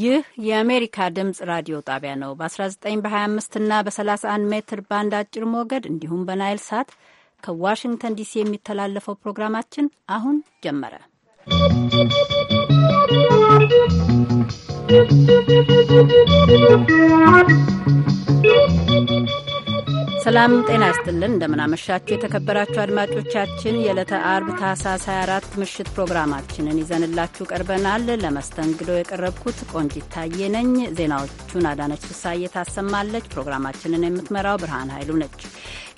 ይህ የአሜሪካ ድምፅ ራዲዮ ጣቢያ ነው። በ19 በ25 እና በ31 ሜትር ባንድ አጭር ሞገድ እንዲሁም በናይል ሳት ከዋሽንግተን ዲሲ የሚተላለፈው ፕሮግራማችን አሁን ጀመረ። ¶¶ ሰላም ጤና ይስጥልን። እንደምናመሻችሁ የተከበራችሁ አድማጮቻችን፣ የዕለተ አርብ ታህሳስ 24 ምሽት ፕሮግራማችንን ይዘንላችሁ ቀርበናል። ለመስተንግዶ የቀረብኩት ቆንጂት ታዬ ነኝ። ዜናዎቹን አዳነች ፍሳዬ ታሰማለች። ፕሮግራማችንን የምትመራው ብርሃን ኃይሉ ነች።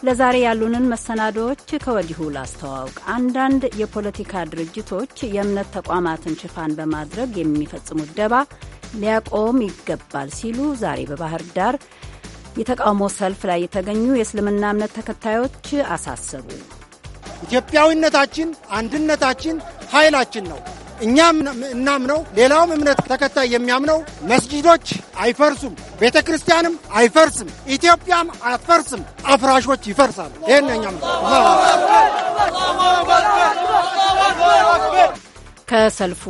ለዛሬ ያሉንን መሰናዶዎች ከወዲሁ ላስተዋውቅ። አንዳንድ የፖለቲካ ድርጅቶች የእምነት ተቋማትን ሽፋን በማድረግ የሚፈጽሙት ደባ ሊያቆም ይገባል ሲሉ ዛሬ በባህር ዳር የተቃውሞ ሰልፍ ላይ የተገኙ የእስልምና እምነት ተከታዮች አሳሰቡ። ኢትዮጵያዊነታችን፣ አንድነታችን ኃይላችን ነው። እኛም እናምነው፣ ሌላውም እምነት ተከታይ የሚያምነው መስጂዶች አይፈርሱም፣ ቤተ ክርስቲያንም አይፈርስም፣ ኢትዮጵያም አትፈርስም፣ አፍራሾች ይፈርሳሉ። ይህን እኛም ከሰልፉ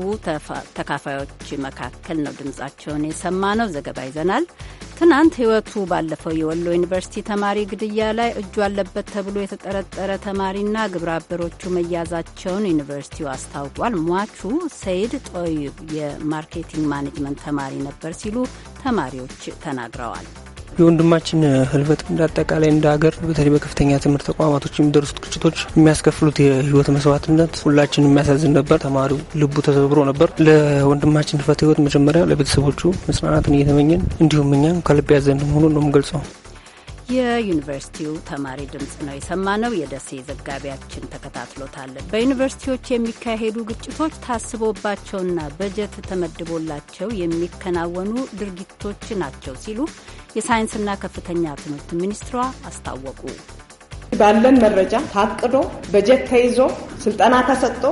ተካፋዮች መካከል ነው ድምጻቸውን የሰማ ነው። ዘገባ ይዘናል። ትናንት ሕይወቱ ባለፈው የወሎ ዩኒቨርሲቲ ተማሪ ግድያ ላይ እጁ አለበት ተብሎ የተጠረጠረ ተማሪና ግብረ አበሮቹ መያዛቸውን ዩኒቨርሲቲው አስታውቋል። ሟቹ ሰይድ ጦይብ የማርኬቲንግ ማኔጅመንት ተማሪ ነበር ሲሉ ተማሪዎች ተናግረዋል። የወንድማችን ህልፈት እንደ አጠቃላይ እንደ ሀገር በተለይ በከፍተኛ ትምህርት ተቋማቶች የሚደርሱት ግጭቶች የሚያስከፍሉት የህይወት መስዋዕትነት ሁላችን የሚያሳዝን ነበር። ተማሪው ልቡ ተሰብሮ ነበር። ለወንድማችን ህልፈት ህይወት መጀመሪያ ለቤተሰቦቹ መጽናናትን እየተመኘን እንዲሁም እኛም ከልብ ያዘን መሆኑን ነው የምገልጸው። የዩኒቨርሲቲው ተማሪ ድምፅ ነው የሰማነው። የደሴ ዘጋቢያችን ተከታትሎታል። በዩኒቨርሲቲዎች የሚካሄዱ ግጭቶች ታስቦባቸውና በጀት ተመድቦላቸው የሚከናወኑ ድርጊቶች ናቸው ሲሉ የሳይንስና ከፍተኛ ትምህርት ሚኒስትሯ አስታወቁ። ባለን መረጃ ታቅዶ በጀት ተይዞ ስልጠና ተሰጥቶ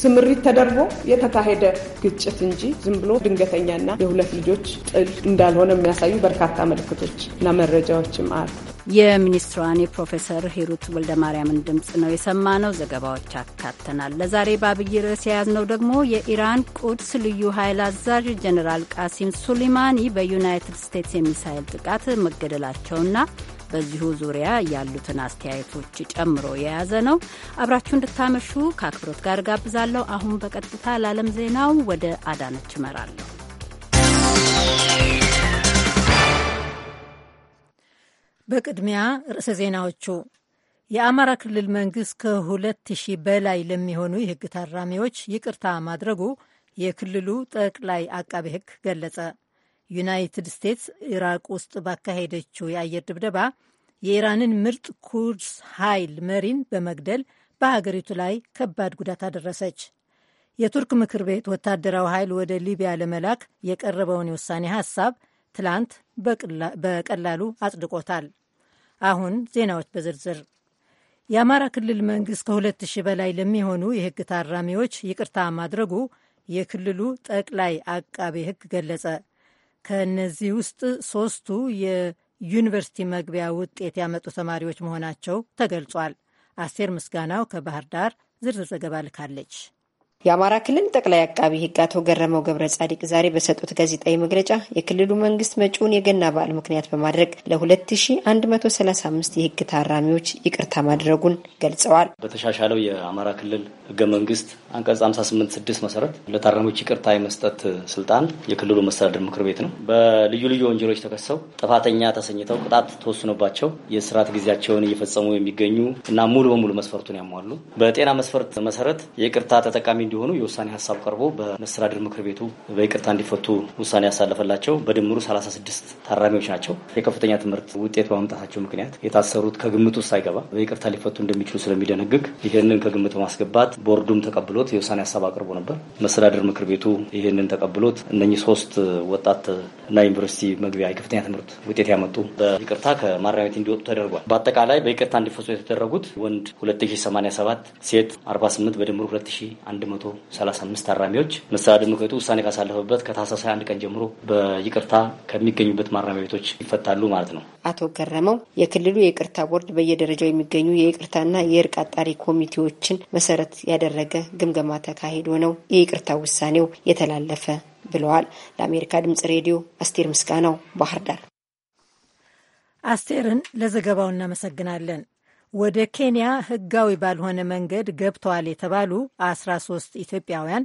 ስምሪት ተደርጎ የተካሄደ ግጭት እንጂ ዝም ብሎ ድንገተኛና የሁለት ልጆች ጥል እንዳልሆነ የሚያሳዩ በርካታ ምልክቶች እና መረጃዎችም አሉ። የሚኒስትሯን የፕሮፌሰር ሂሩት ወልደ ማርያምን ድምፅ ነው የሰማ ነው። ዘገባዎች አካተናል። ለዛሬ በአብይ ርዕስ የያዝነው ደግሞ የኢራን ቁድስ ልዩ ኃይል አዛዥ ጀኔራል ቃሲም ሱሊማኒ በዩናይትድ ስቴትስ የሚሳይል ጥቃት መገደላቸውና በዚሁ ዙሪያ ያሉትን አስተያየቶች ጨምሮ የያዘ ነው። አብራችሁ እንድታመሹ ከአክብሮት ጋር ጋብዛለሁ። አሁን በቀጥታ ለዓለም ዜናው ወደ አዳነች እመራለሁ። በቅድሚያ ርዕሰ ዜናዎቹ የአማራ ክልል መንግሥት ከሁለት ሺህ በላይ ለሚሆኑ የሕግ ታራሚዎች ይቅርታ ማድረጉ የክልሉ ጠቅላይ አቃቤ ሕግ ገለጸ። ዩናይትድ ስቴትስ ኢራቅ ውስጥ ባካሄደችው የአየር ድብደባ የኢራንን ምርጥ ኩድስ ኃይል መሪን በመግደል በሀገሪቱ ላይ ከባድ ጉዳት አደረሰች። የቱርክ ምክር ቤት ወታደራዊ ኃይል ወደ ሊቢያ ለመላክ የቀረበውን የውሳኔ ሐሳብ ትላንት በቀላሉ አጽድቆታል። አሁን ዜናዎች በዝርዝር የአማራ ክልል መንግሥት ከሁለት ሺህ በላይ ለሚሆኑ የሕግ ታራሚዎች ይቅርታ ማድረጉ የክልሉ ጠቅላይ አቃቤ ሕግ ገለጸ። ከእነዚህ ውስጥ ሦስቱ የዩኒቨርሲቲ መግቢያ ውጤት ያመጡ ተማሪዎች መሆናቸው ተገልጿል። አስቴር ምስጋናው ከባህር ዳር ዝርዝር ዘገባ ልካለች። የአማራ ክልል ጠቅላይ አቃቢ ሕግ አቶ ገረመው ገብረ ጻዲቅ ዛሬ በሰጡት ጋዜጣዊ መግለጫ የክልሉ መንግስት መጪውን የገና በዓል ምክንያት በማድረግ ለ2135 የህግ ታራሚዎች ይቅርታ ማድረጉን ገልጸዋል። በተሻሻለው የአማራ ክልል ህገ መንግስት አንቀጽ 586 መሰረት ለታራሚዎች ይቅርታ የመስጠት ስልጣን የክልሉ መስተዳድር ምክር ቤት ነው። በልዩ ልዩ ወንጀሎች ተከሰው ጥፋተኛ ተሰኝተው ቅጣት ተወስኖባቸው የስርዓት ጊዜያቸውን እየፈጸሙ የሚገኙ እና ሙሉ በሙሉ መስፈርቱን ያሟሉ በጤና መስፈርት መሰረት የቅርታ ተጠቃሚ እንዲሆኑ የውሳኔ ሀሳብ ቀርቦ በመስተዳድር ምክር ቤቱ በይቅርታ እንዲፈቱ ውሳኔ ያሳለፈላቸው በድምሩ 36 ታራሚዎች ናቸው። የከፍተኛ ትምህርት ውጤት በማምጣታቸው ምክንያት የታሰሩት ከግምት ውስጥ ሳይገባ በይቅርታ ሊፈቱ እንደሚችሉ ስለሚደነግግ ይህንን ከግምት በማስገባት ቦርዱም ተቀብሎት የውሳኔ ሀሳብ አቅርቦ ነበር። መስተዳድር ምክር ቤቱ ይህንን ተቀብሎት እነኚህ ሶስት ወጣት እና ዩኒቨርሲቲ መግቢያ የከፍተኛ ትምህርት ውጤት ያመጡ በይቅርታ ከማረሚያ ቤት እንዲወጡ ተደርጓል። በአጠቃላይ በይቅርታ እንዲፈቱ የተደረጉት ወንድ 2087 ሴት 48 በድምሩ 2100 135 ታራሚዎች መሰላ ምክር ቤቱ ውሳኔ ካሳለፈበት ከታህሳስ አንድ ቀን ጀምሮ በይቅርታ ከሚገኙበት ማረሚያ ቤቶች ይፈታሉ ማለት ነው። አቶ ገረመው የክልሉ የይቅርታ ቦርድ በየደረጃው የሚገኙ የይቅርታና የእርቅ አጣሪ ኮሚቴዎችን መሰረት ያደረገ ግምገማ ተካሂዶ ነው የይቅርታ ውሳኔው የተላለፈ ብለዋል። ለአሜሪካ ድምጽ ሬዲዮ አስቴር ምስጋናው ባህር ዳር። አስቴርን ለዘገባው እናመሰግናለን። ወደ ኬንያ ህጋዊ ባልሆነ መንገድ ገብተዋል የተባሉ 13 ኢትዮጵያውያን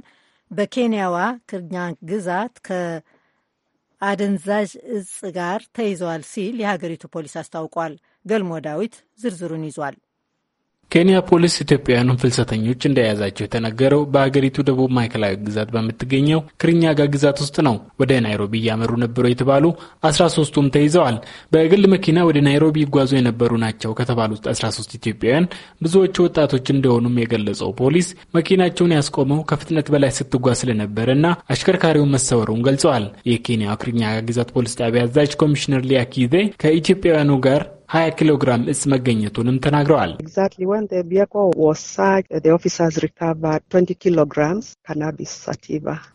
በኬንያዋ ክርኛ ግዛት ከአደንዛዥ እጽ ጋር ተይዘዋል ሲል የሀገሪቱ ፖሊስ አስታውቋል። ገልሞ ዳዊት ዝርዝሩን ይዟል። ኬንያ ፖሊስ ኢትዮጵያውያኑን ፍልሰተኞች እንደያዛቸው የተነገረው በሀገሪቱ ደቡብ ማዕከላዊ ግዛት በምትገኘው ክሪኛጋ ግዛት ውስጥ ነው። ወደ ናይሮቢ እያመሩ ነበሩ የተባሉ አስራ ሶስቱም ተይዘዋል። በግል መኪና ወደ ናይሮቢ ይጓዙ የነበሩ ናቸው ከተባሉ ውስጥ አስራ ሶስት ኢትዮጵያውያን ብዙዎቹ ወጣቶች እንደሆኑም የገለጸው ፖሊስ መኪናቸውን ያስቆመው ከፍጥነት በላይ ስትጓዝ ስለነበረና አሽከርካሪውን መሰወሩን ገልጸዋል። የኬንያ ክርኛጋ ግዛት ፖሊስ ጣቢያ አዛዥ ኮሚሽነር ሊያኪዜ ከኢትዮጵያውያኑ ጋር 20 ኪሎ ግራም እጽ መገኘቱንም ተናግረዋል።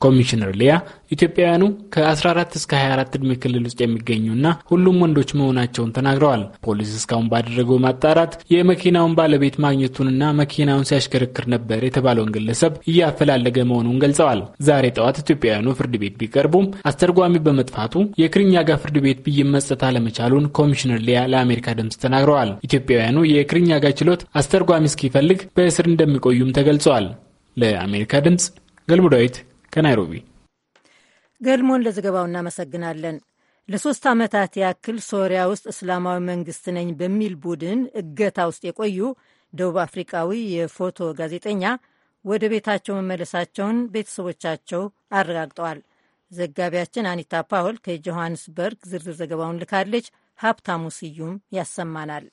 ኮሚሽነር ሊያ ኢትዮጵያውያኑ ከ14 እስከ 24 ዕድሜ ክልል ውስጥ የሚገኙና ሁሉም ወንዶች መሆናቸውን ተናግረዋል። ፖሊስ እስካሁን ባደረገው ማጣራት የመኪናውን ባለቤት ማግኘቱንና መኪናውን ሲያሽከረክር ነበር የተባለውን ግለሰብ እያፈላለገ መሆኑን ገልጸዋል። ዛሬ ጠዋት ኢትዮጵያውያኑ ፍርድ ቤት ቢቀርቡም አስተርጓሚ በመጥፋቱ ጋር ፍርድ ቤት ብይን መስጠት አለመቻሉን ኮሚሽነር ሊያ ለአሜሪካ ለአሜሪካ ድምፅ ተናግረዋል። ኢትዮጵያውያኑ የክርኛ ጋ ችሎት አስተርጓሚ እስኪፈልግ በእስር እንደሚቆዩም ተገልጸዋል። ለአሜሪካ ድምፅ ገልሞ ዳዊት ከናይሮቢ። ገልሞን ለዘገባው እናመሰግናለን። ለሶስት ዓመታት ያክል ሶሪያ ውስጥ እስላማዊ መንግስት ነኝ በሚል ቡድን እገታ ውስጥ የቆዩ ደቡብ አፍሪቃዊ የፎቶ ጋዜጠኛ ወደ ቤታቸው መመለሳቸውን ቤተሰቦቻቸው አረጋግጠዋል። ዘጋቢያችን አኒታ ፓውል ከጆሃንስበርግ ዝርዝር ዘገባውን ልካለች። ሀብታሙ ስዩም ያሰማናል።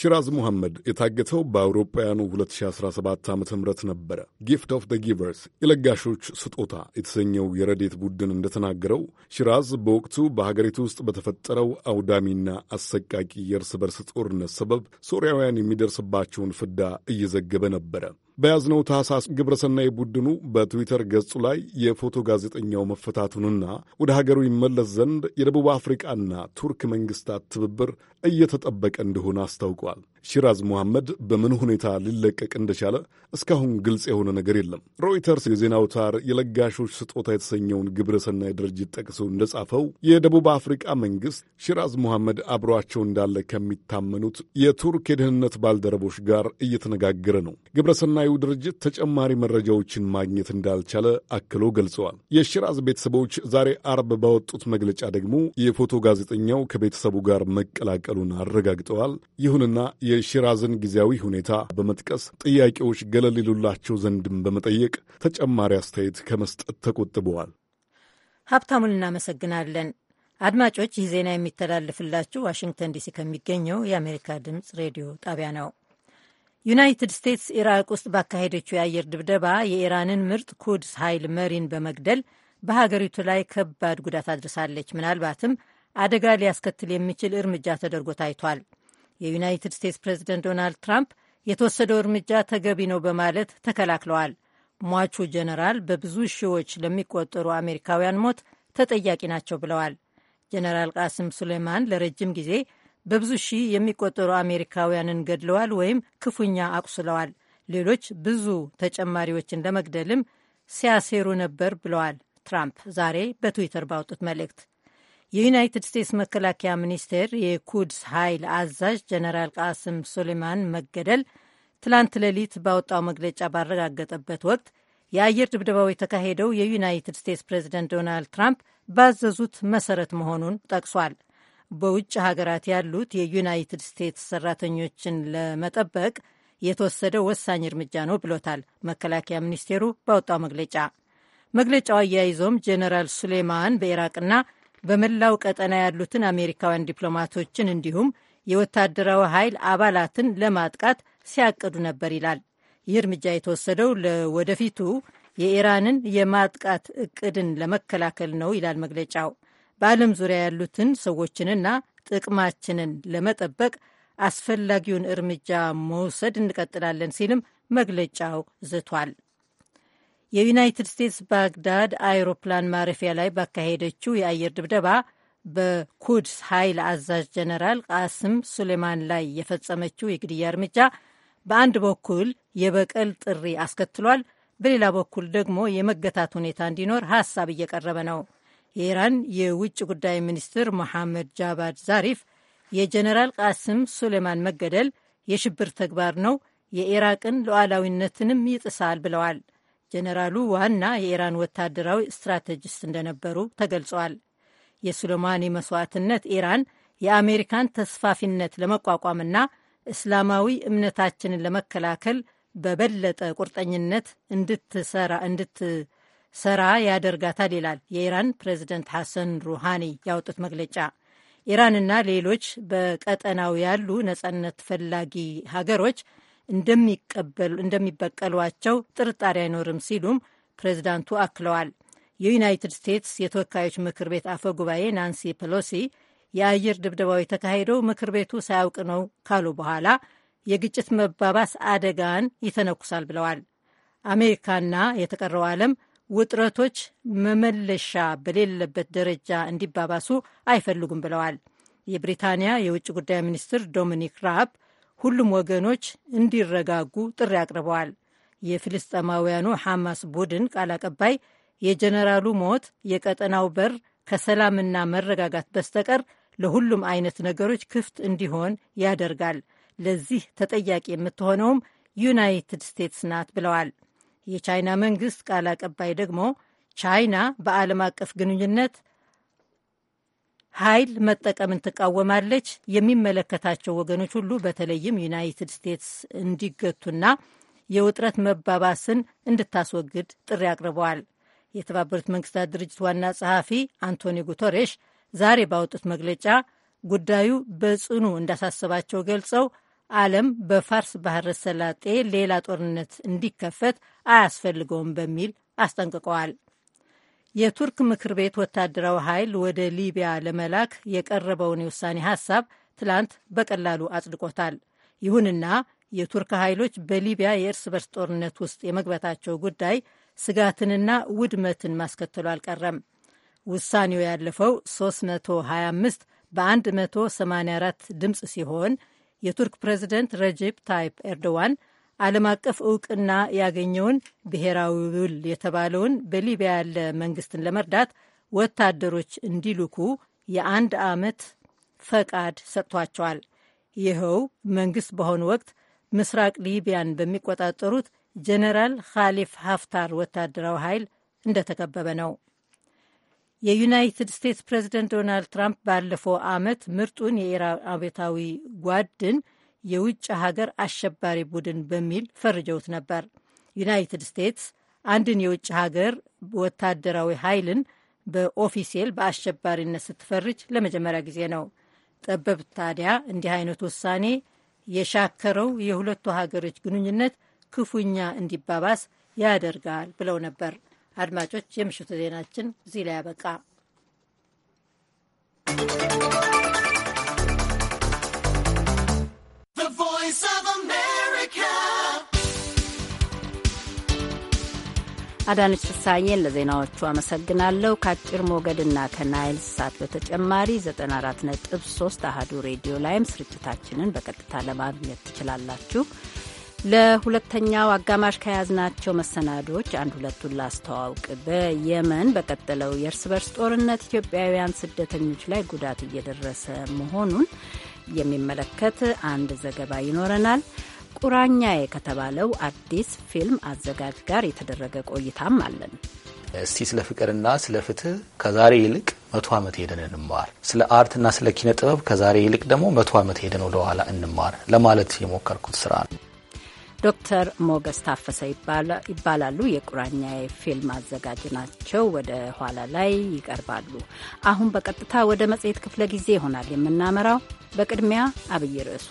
ሽራዝ ሙሐመድ የታገተው በአውሮፓውያኑ 2017 ዓ ም ነበረ። ጊፍት ኦፍ ደ ጊቨርስ የለጋሾች ስጦታ የተሰኘው የረዴት ቡድን እንደተናገረው ሽራዝ በወቅቱ በሀገሪቱ ውስጥ በተፈጠረው አውዳሚና አሰቃቂ የእርስ በርስ ጦርነት ሰበብ ሶርያውያን የሚደርስባቸውን ፍዳ እየዘገበ ነበረ። በያዝነው ታህሳስ ግብረሰናይ ቡድኑ በትዊተር ገጹ ላይ የፎቶ ጋዜጠኛው መፈታቱንና ወደ ሀገሩ ይመለስ ዘንድ የደቡብ አፍሪቃና ቱርክ መንግስታት ትብብር እየተጠበቀ እንደሆነ አስታውቋል። ሺራዝ መሐመድ በምን ሁኔታ ሊለቀቅ እንደቻለ እስካሁን ግልጽ የሆነ ነገር የለም። ሮይተርስ የዜና አውታር የለጋሾች ስጦታ የተሰኘውን ግብረ ሰናይ ድርጅት ጠቅሶ እንደጻፈው የደቡብ አፍሪቃ መንግሥት ሺራዝ መሐመድ አብሯቸው እንዳለ ከሚታመኑት የቱርክ የደህንነት ባልደረቦች ጋር እየተነጋገረ ነው። ግብረ ሰናዩ ድርጅት ተጨማሪ መረጃዎችን ማግኘት እንዳልቻለ አክሎ ገልጸዋል። የሺራዝ ቤተሰቦች ዛሬ አርብ ባወጡት መግለጫ ደግሞ የፎቶ ጋዜጠኛው ከቤተሰቡ ጋር መቀላቀሉን አረጋግጠዋል። ይሁንና የሺራዝን ጊዜያዊ ሁኔታ በመጥቀስ ጥያቄዎች ገለል ይሉላቸው ዘንድም በመጠየቅ ተጨማሪ አስተያየት ከመስጠት ተቆጥበዋል። ሀብታሙን እናመሰግናለን። አድማጮች፣ ይህ ዜና የሚተላለፍላችሁ ዋሽንግተን ዲሲ ከሚገኘው የአሜሪካ ድምፅ ሬዲዮ ጣቢያ ነው። ዩናይትድ ስቴትስ ኢራቅ ውስጥ ባካሄደችው የአየር ድብደባ የኢራንን ምርጥ ኩድስ ኃይል መሪን በመግደል በሀገሪቱ ላይ ከባድ ጉዳት አድርሳለች። ምናልባትም አደጋ ሊያስከትል የሚችል እርምጃ ተደርጎ ታይቷል። የዩናይትድ ስቴትስ ፕሬዚደንት ዶናልድ ትራምፕ የተወሰደው እርምጃ ተገቢ ነው በማለት ተከላክለዋል። ሟቹ ጀነራል በብዙ ሺዎች ለሚቆጠሩ አሜሪካውያን ሞት ተጠያቂ ናቸው ብለዋል። ጀነራል ቃስም ሱሌማን ለረጅም ጊዜ በብዙ ሺህ የሚቆጠሩ አሜሪካውያንን ገድለዋል ወይም ክፉኛ አቁስለዋል፣ ሌሎች ብዙ ተጨማሪዎችን ለመግደልም ሲያሴሩ ነበር ብለዋል ትራምፕ ዛሬ በትዊተር ባወጡት መልእክት የዩናይትድ ስቴትስ መከላከያ ሚኒስቴር የኩድስ ኃይል አዛዥ ጀነራል ቃስም ሱሌማን መገደል ትላንት ሌሊት ባወጣው መግለጫ ባረጋገጠበት ወቅት የአየር ድብደባው የተካሄደው የዩናይትድ ስቴትስ ፕሬዚደንት ዶናልድ ትራምፕ ባዘዙት መሰረት መሆኑን ጠቅሷል። በውጭ ሀገራት ያሉት የዩናይትድ ስቴትስ ሰራተኞችን ለመጠበቅ የተወሰደ ወሳኝ እርምጃ ነው ብሎታል መከላከያ ሚኒስቴሩ ባወጣው መግለጫ። መግለጫው አያይዞም ጀነራል ሱሌማን በኢራቅና በመላው ቀጠና ያሉትን አሜሪካውያን ዲፕሎማቶችን እንዲሁም የወታደራዊ ኃይል አባላትን ለማጥቃት ሲያቅዱ ነበር ይላል። ይህ እርምጃ የተወሰደው ለወደፊቱ የኢራንን የማጥቃት እቅድን ለመከላከል ነው ይላል መግለጫው። በዓለም ዙሪያ ያሉትን ሰዎችንና ጥቅማችንን ለመጠበቅ አስፈላጊውን እርምጃ መውሰድ እንቀጥላለን ሲልም መግለጫው ዝቷል። የዩናይትድ ስቴትስ ባግዳድ አይሮፕላን ማረፊያ ላይ ባካሄደችው የአየር ድብደባ በኩድስ ኃይል አዛዥ ጀነራል ቃስም ሱሌማን ላይ የፈጸመችው የግድያ እርምጃ በአንድ በኩል የበቀል ጥሪ አስከትሏል፣ በሌላ በኩል ደግሞ የመገታት ሁኔታ እንዲኖር ሀሳብ እየቀረበ ነው። የኢራን የውጭ ጉዳይ ሚኒስትር መሐመድ ጃባድ ዛሪፍ የጀነራል ቃስም ሱሌማን መገደል የሽብር ተግባር ነው፣ የኢራቅን ሉዓላዊነትንም ይጥሳል ብለዋል። ጀነራሉ ዋና የኢራን ወታደራዊ ስትራቴጂስት እንደነበሩ ተገልጿል። የሱሌማኒ መስዋዕትነት ኢራን የአሜሪካን ተስፋፊነት ለመቋቋምና እስላማዊ እምነታችንን ለመከላከል በበለጠ ቁርጠኝነት እንድትሰራ ያደርጋታል ይላል የኢራን ፕሬዚደንት ሐሰን ሩሃኒ ያወጡት መግለጫ። ኢራንና ሌሎች በቀጠናው ያሉ ነጻነት ፈላጊ ሀገሮች እንደሚበቀሏቸው ጥርጣሬ አይኖርም ሲሉም ፕሬዚዳንቱ አክለዋል። የዩናይትድ ስቴትስ የተወካዮች ምክር ቤት አፈ ጉባኤ ናንሲ ፔሎሲ የአየር ድብደባው የተካሄደው ምክር ቤቱ ሳያውቅ ነው ካሉ በኋላ የግጭት መባባስ አደጋን ይተነኩሳል ብለዋል። አሜሪካና የተቀረው ዓለም ውጥረቶች መመለሻ በሌለበት ደረጃ እንዲባባሱ አይፈልጉም ብለዋል። የብሪታንያ የውጭ ጉዳይ ሚኒስትር ዶሚኒክ ራብ ሁሉም ወገኖች እንዲረጋጉ ጥሪ አቅርበዋል። የፍልስጤማውያኑ ሐማስ ቡድን ቃል አቀባይ የጀነራሉ ሞት የቀጠናው በር ከሰላምና መረጋጋት በስተቀር ለሁሉም አይነት ነገሮች ክፍት እንዲሆን ያደርጋል፣ ለዚህ ተጠያቂ የምትሆነውም ዩናይትድ ስቴትስ ናት ብለዋል። የቻይና መንግሥት ቃል አቀባይ ደግሞ ቻይና በዓለም አቀፍ ግንኙነት ኃይል መጠቀምን ትቃወማለች። የሚመለከታቸው ወገኖች ሁሉ በተለይም ዩናይትድ ስቴትስ እንዲገቱና የውጥረት መባባስን እንድታስወግድ ጥሪ አቅርበዋል። የተባበሩት መንግስታት ድርጅት ዋና ጸሐፊ አንቶኒ ጉተሬሽ ዛሬ ባወጡት መግለጫ ጉዳዩ በጽኑ እንዳሳሰባቸው ገልጸው ዓለም በፋርስ ባህረ ሰላጤ ሌላ ጦርነት እንዲከፈት አያስፈልገውም በሚል አስጠንቅቀዋል። የቱርክ ምክር ቤት ወታደራዊ ኃይል ወደ ሊቢያ ለመላክ የቀረበውን የውሳኔ ሀሳብ ትላንት በቀላሉ አጽድቆታል። ይሁንና የቱርክ ኃይሎች በሊቢያ የእርስ በርስ ጦርነት ውስጥ የመግባታቸው ጉዳይ ስጋትንና ውድመትን ማስከተሉ አልቀረም። ውሳኔው ያለፈው 325 በ184 ድምፅ ሲሆን የቱርክ ፕሬዚደንት ረጀፕ ታይፕ ኤርዶዋን ዓለም አቀፍ እውቅና ያገኘውን ብሔራዊ ውል የተባለውን በሊቢያ ያለ መንግስትን ለመርዳት ወታደሮች እንዲልኩ የአንድ ዓመት ፈቃድ ሰጥቷቸዋል። ይኸው መንግስት በአሁኑ ወቅት ምስራቅ ሊቢያን በሚቆጣጠሩት ጀነራል ካሊፍ ሀፍታር ወታደራዊ ኃይል እንደተከበበ ነው። የዩናይትድ ስቴትስ ፕሬዚደንት ዶናልድ ትራምፕ ባለፈው ዓመት ምርጡን የኢራን አቤታዊ ጓድን የውጭ ሀገር አሸባሪ ቡድን በሚል ፈርጀውት ነበር። ዩናይትድ ስቴትስ አንድን የውጭ ሀገር ወታደራዊ ኃይልን በኦፊሴል በአሸባሪነት ስትፈርጅ ለመጀመሪያ ጊዜ ነው። ጠበብ ታዲያ እንዲህ አይነት ውሳኔ የሻከረው የሁለቱ ሀገሮች ግንኙነት ክፉኛ እንዲባባስ ያደርጋል ብለው ነበር። አድማጮች፣ የምሽቱ ዜናችን እዚህ ላይ ያበቃ። አዳነች ፍሳዬን ለዜናዎቹ አመሰግናለሁ። ከአጭር ሞገድና ከናይል ሳት በተጨማሪ 94.3 አህዱ ሬዲዮ ላይም ስርጭታችንን በቀጥታ ለማግኘት ትችላላችሁ። ለሁለተኛው አጋማሽ ከያዝናቸው መሰናዶች አንድ ሁለቱን ላስተዋውቅ። በየመን በቀጠለው የእርስ በርስ ጦርነት ኢትዮጵያውያን ስደተኞች ላይ ጉዳት እየደረሰ መሆኑን የሚመለከት አንድ ዘገባ ይኖረናል። ቁራኛዬ ከተባለው አዲስ ፊልም አዘጋጅ ጋር የተደረገ ቆይታም አለን። እስቲ ስለ ፍቅርና ስለ ፍትህ ከዛሬ ይልቅ መቶ ዓመት ሄደን እንማር፣ ስለ አርትና ስለ ኪነ ጥበብ ከዛሬ ይልቅ ደግሞ መቶ ዓመት ሄደን ወደኋላ እንማር ለማለት የሞከርኩት ስራ ነው። ዶክተር ሞገስ ታፈሰ ይባላሉ። የቁራኛ ፊልም አዘጋጅ ናቸው። ወደ ኋላ ላይ ይቀርባሉ። አሁን በቀጥታ ወደ መጽሔት ክፍለ ጊዜ ይሆናል የምናመራው። በቅድሚያ አብይ ርዕሱ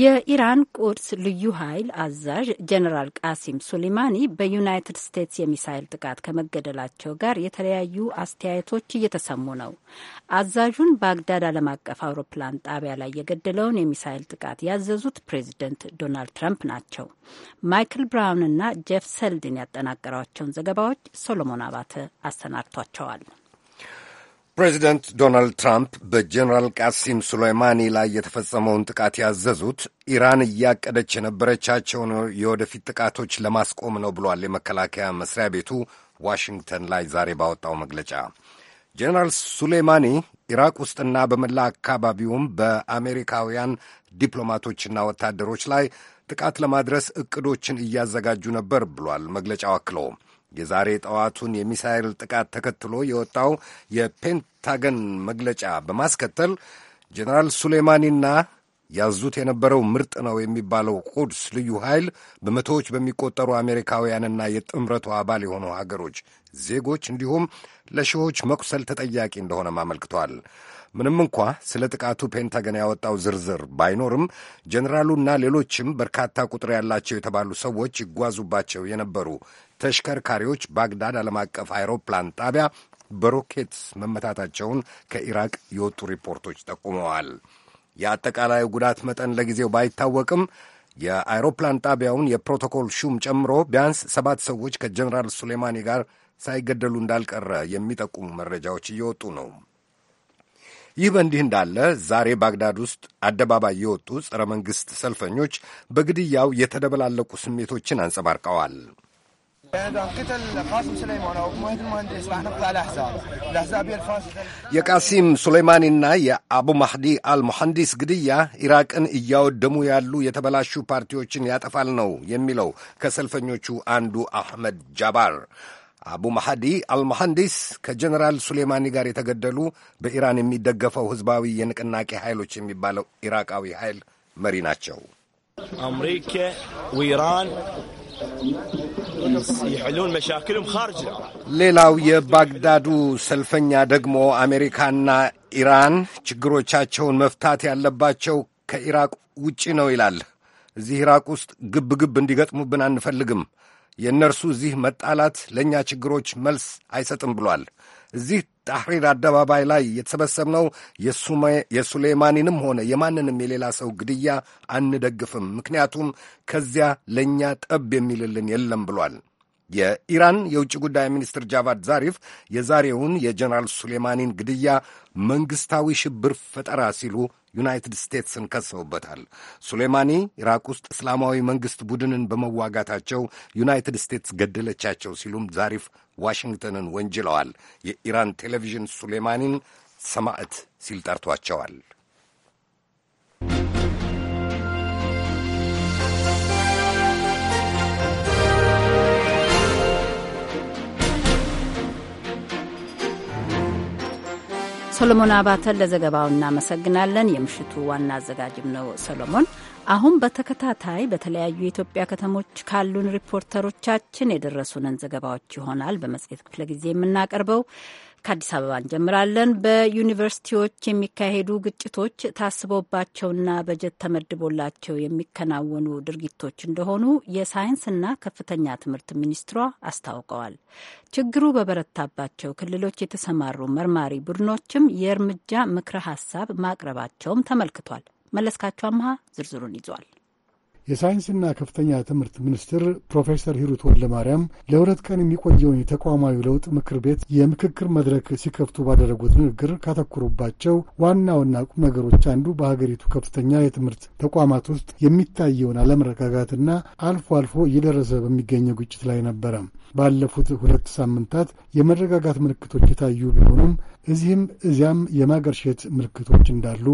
የኢራን ቁድስ ልዩ ኃይል አዛዥ ጀነራል ቃሲም ሱሊማኒ በዩናይትድ ስቴትስ የሚሳይል ጥቃት ከመገደላቸው ጋር የተለያዩ አስተያየቶች እየተሰሙ ነው። አዛዡን ባግዳድ ዓለም አቀፍ አውሮፕላን ጣቢያ ላይ የገደለውን የሚሳይል ጥቃት ያዘዙት ፕሬዚደንት ዶናልድ ትራምፕ ናቸው። ማይክል ብራውን እና ጄፍ ሰልድን ያጠናቀሯቸውን ዘገባዎች ሶሎሞን አባተ አሰናድቷቸዋል። ፕሬዚደንት ዶናልድ ትራምፕ በጀኔራል ቃሲም ሱሌይማኒ ላይ የተፈጸመውን ጥቃት ያዘዙት ኢራን እያቀደች የነበረቻቸውን የወደፊት ጥቃቶች ለማስቆም ነው ብሏል የመከላከያ መስሪያ ቤቱ ዋሽንግተን ላይ ዛሬ ባወጣው መግለጫ። ጀኔራል ሱሌይማኒ ኢራቅ ውስጥና በመላ አካባቢውም በአሜሪካውያን ዲፕሎማቶችና ወታደሮች ላይ ጥቃት ለማድረስ እቅዶችን እያዘጋጁ ነበር ብሏል መግለጫው አክለው የዛሬ ጠዋቱን የሚሳይል ጥቃት ተከትሎ የወጣው የፔንታገን መግለጫ በማስከተል ጀነራል ሱሌማኒና ያዙት የነበረው ምርጥ ነው የሚባለው ቁድስ ልዩ ኃይል በመቶዎች በሚቆጠሩ አሜሪካውያንና የጥምረቱ አባል የሆኑ አገሮች ዜጎች እንዲሁም ለሺዎች መቁሰል ተጠያቂ እንደሆነም አመልክቷል። ምንም እንኳ ስለ ጥቃቱ ፔንታገን ያወጣው ዝርዝር ባይኖርም ጀኔራሉና ሌሎችም በርካታ ቁጥር ያላቸው የተባሉ ሰዎች ይጓዙባቸው የነበሩ ተሽከርካሪዎች ባግዳድ ዓለም አቀፍ አይሮፕላን ጣቢያ በሮኬት መመታታቸውን ከኢራቅ የወጡ ሪፖርቶች ጠቁመዋል። የአጠቃላዩ ጉዳት መጠን ለጊዜው ባይታወቅም የአይሮፕላን ጣቢያውን የፕሮቶኮል ሹም ጨምሮ ቢያንስ ሰባት ሰዎች ከጀኔራል ሱሌማኒ ጋር ሳይገደሉ እንዳልቀረ የሚጠቁሙ መረጃዎች እየወጡ ነው። ይህ በእንዲህ እንዳለ ዛሬ ባግዳድ ውስጥ አደባባይ የወጡ ጸረ መንግሥት ሰልፈኞች በግድያው የተደበላለቁ ስሜቶችን አንጸባርቀዋል። የቃሲም ሱሌይማኒና የአቡ ማህዲ አልሙሐንዲስ ግድያ ኢራቅን እያወደሙ ያሉ የተበላሹ ፓርቲዎችን ያጠፋል ነው የሚለው ከሰልፈኞቹ አንዱ አህመድ ጃባር አቡ መሐዲ አልመሐንዲስ ከጀነራል ሱሌማኒ ጋር የተገደሉ በኢራን የሚደገፈው ህዝባዊ የንቅናቄ ኃይሎች የሚባለው ኢራቃዊ ኃይል መሪ ናቸው። አምሪካ ወኢራን ሌላው የባግዳዱ ሰልፈኛ ደግሞ አሜሪካና ኢራን ችግሮቻቸውን መፍታት ያለባቸው ከኢራቅ ውጪ ነው ይላል። እዚህ ኢራቅ ውስጥ ግብ ግብ እንዲገጥሙብን አንፈልግም። የእነርሱ እዚህ መጣላት ለእኛ ችግሮች መልስ አይሰጥም ብሏል። እዚህ ታሕሪር አደባባይ ላይ የተሰበሰብነው የሱሌማኒንም ሆነ የማንንም የሌላ ሰው ግድያ አንደግፍም፣ ምክንያቱም ከዚያ ለእኛ ጠብ የሚልልን የለም ብሏል። የኢራን የውጭ ጉዳይ ሚኒስትር ጃቫድ ዛሪፍ የዛሬውን የጀነራል ሱሌማኒን ግድያ መንግሥታዊ ሽብር ፈጠራ ሲሉ ዩናይትድ ስቴትስን ከሰውበታል። ሱሌማኒ ኢራቅ ውስጥ እስላማዊ መንግሥት ቡድንን በመዋጋታቸው ዩናይትድ ስቴትስ ገደለቻቸው ሲሉም ዛሪፍ ዋሽንግተንን ወንጅለዋል። የኢራን ቴሌቪዥን ሱሌማኒን ሰማዕት ሲል ጠርቷቸዋል። ሰሎሞን አባተን ለዘገባው እናመሰግናለን። የምሽቱ ዋና አዘጋጅም ነው ሰሎሞን። አሁን በተከታታይ በተለያዩ የኢትዮጵያ ከተሞች ካሉን ሪፖርተሮቻችን የደረሱንን ዘገባዎች ይሆናል በመጽሔት ክፍለ ጊዜ የምናቀርበው። ከአዲስ አበባ እንጀምራለን። በዩኒቨርሲቲዎች የሚካሄዱ ግጭቶች ታስቦባቸውና በጀት ተመድቦላቸው የሚከናወኑ ድርጊቶች እንደሆኑ የሳይንስና ከፍተኛ ትምህርት ሚኒስትሯ አስታውቀዋል። ችግሩ በበረታባቸው ክልሎች የተሰማሩ መርማሪ ቡድኖችም የእርምጃ ምክረ ሀሳብ ማቅረባቸውም ተመልክቷል። መለስካቸው አምሃ ዝርዝሩን ይዟል። የሳይንስና ከፍተኛ ትምህርት ሚኒስትር ፕሮፌሰር ሂሩት ወልደማርያም ለሁለት ቀን የሚቆየውን የተቋማዊ ለውጥ ምክር ቤት የምክክር መድረክ ሲከፍቱ ባደረጉት ንግግር ካተኮሩባቸው ዋና ዋና ቁም ነገሮች አንዱ በሀገሪቱ ከፍተኛ የትምህርት ተቋማት ውስጥ የሚታየውን አለመረጋጋትና አልፎ አልፎ እየደረሰ በሚገኘው ግጭት ላይ ነበረ። ባለፉት ሁለት ሳምንታት የመረጋጋት ምልክቶች የታዩ ቢሆኑም እዚህም እዚያም የማገርሸት ምልክቶች እንዳሉ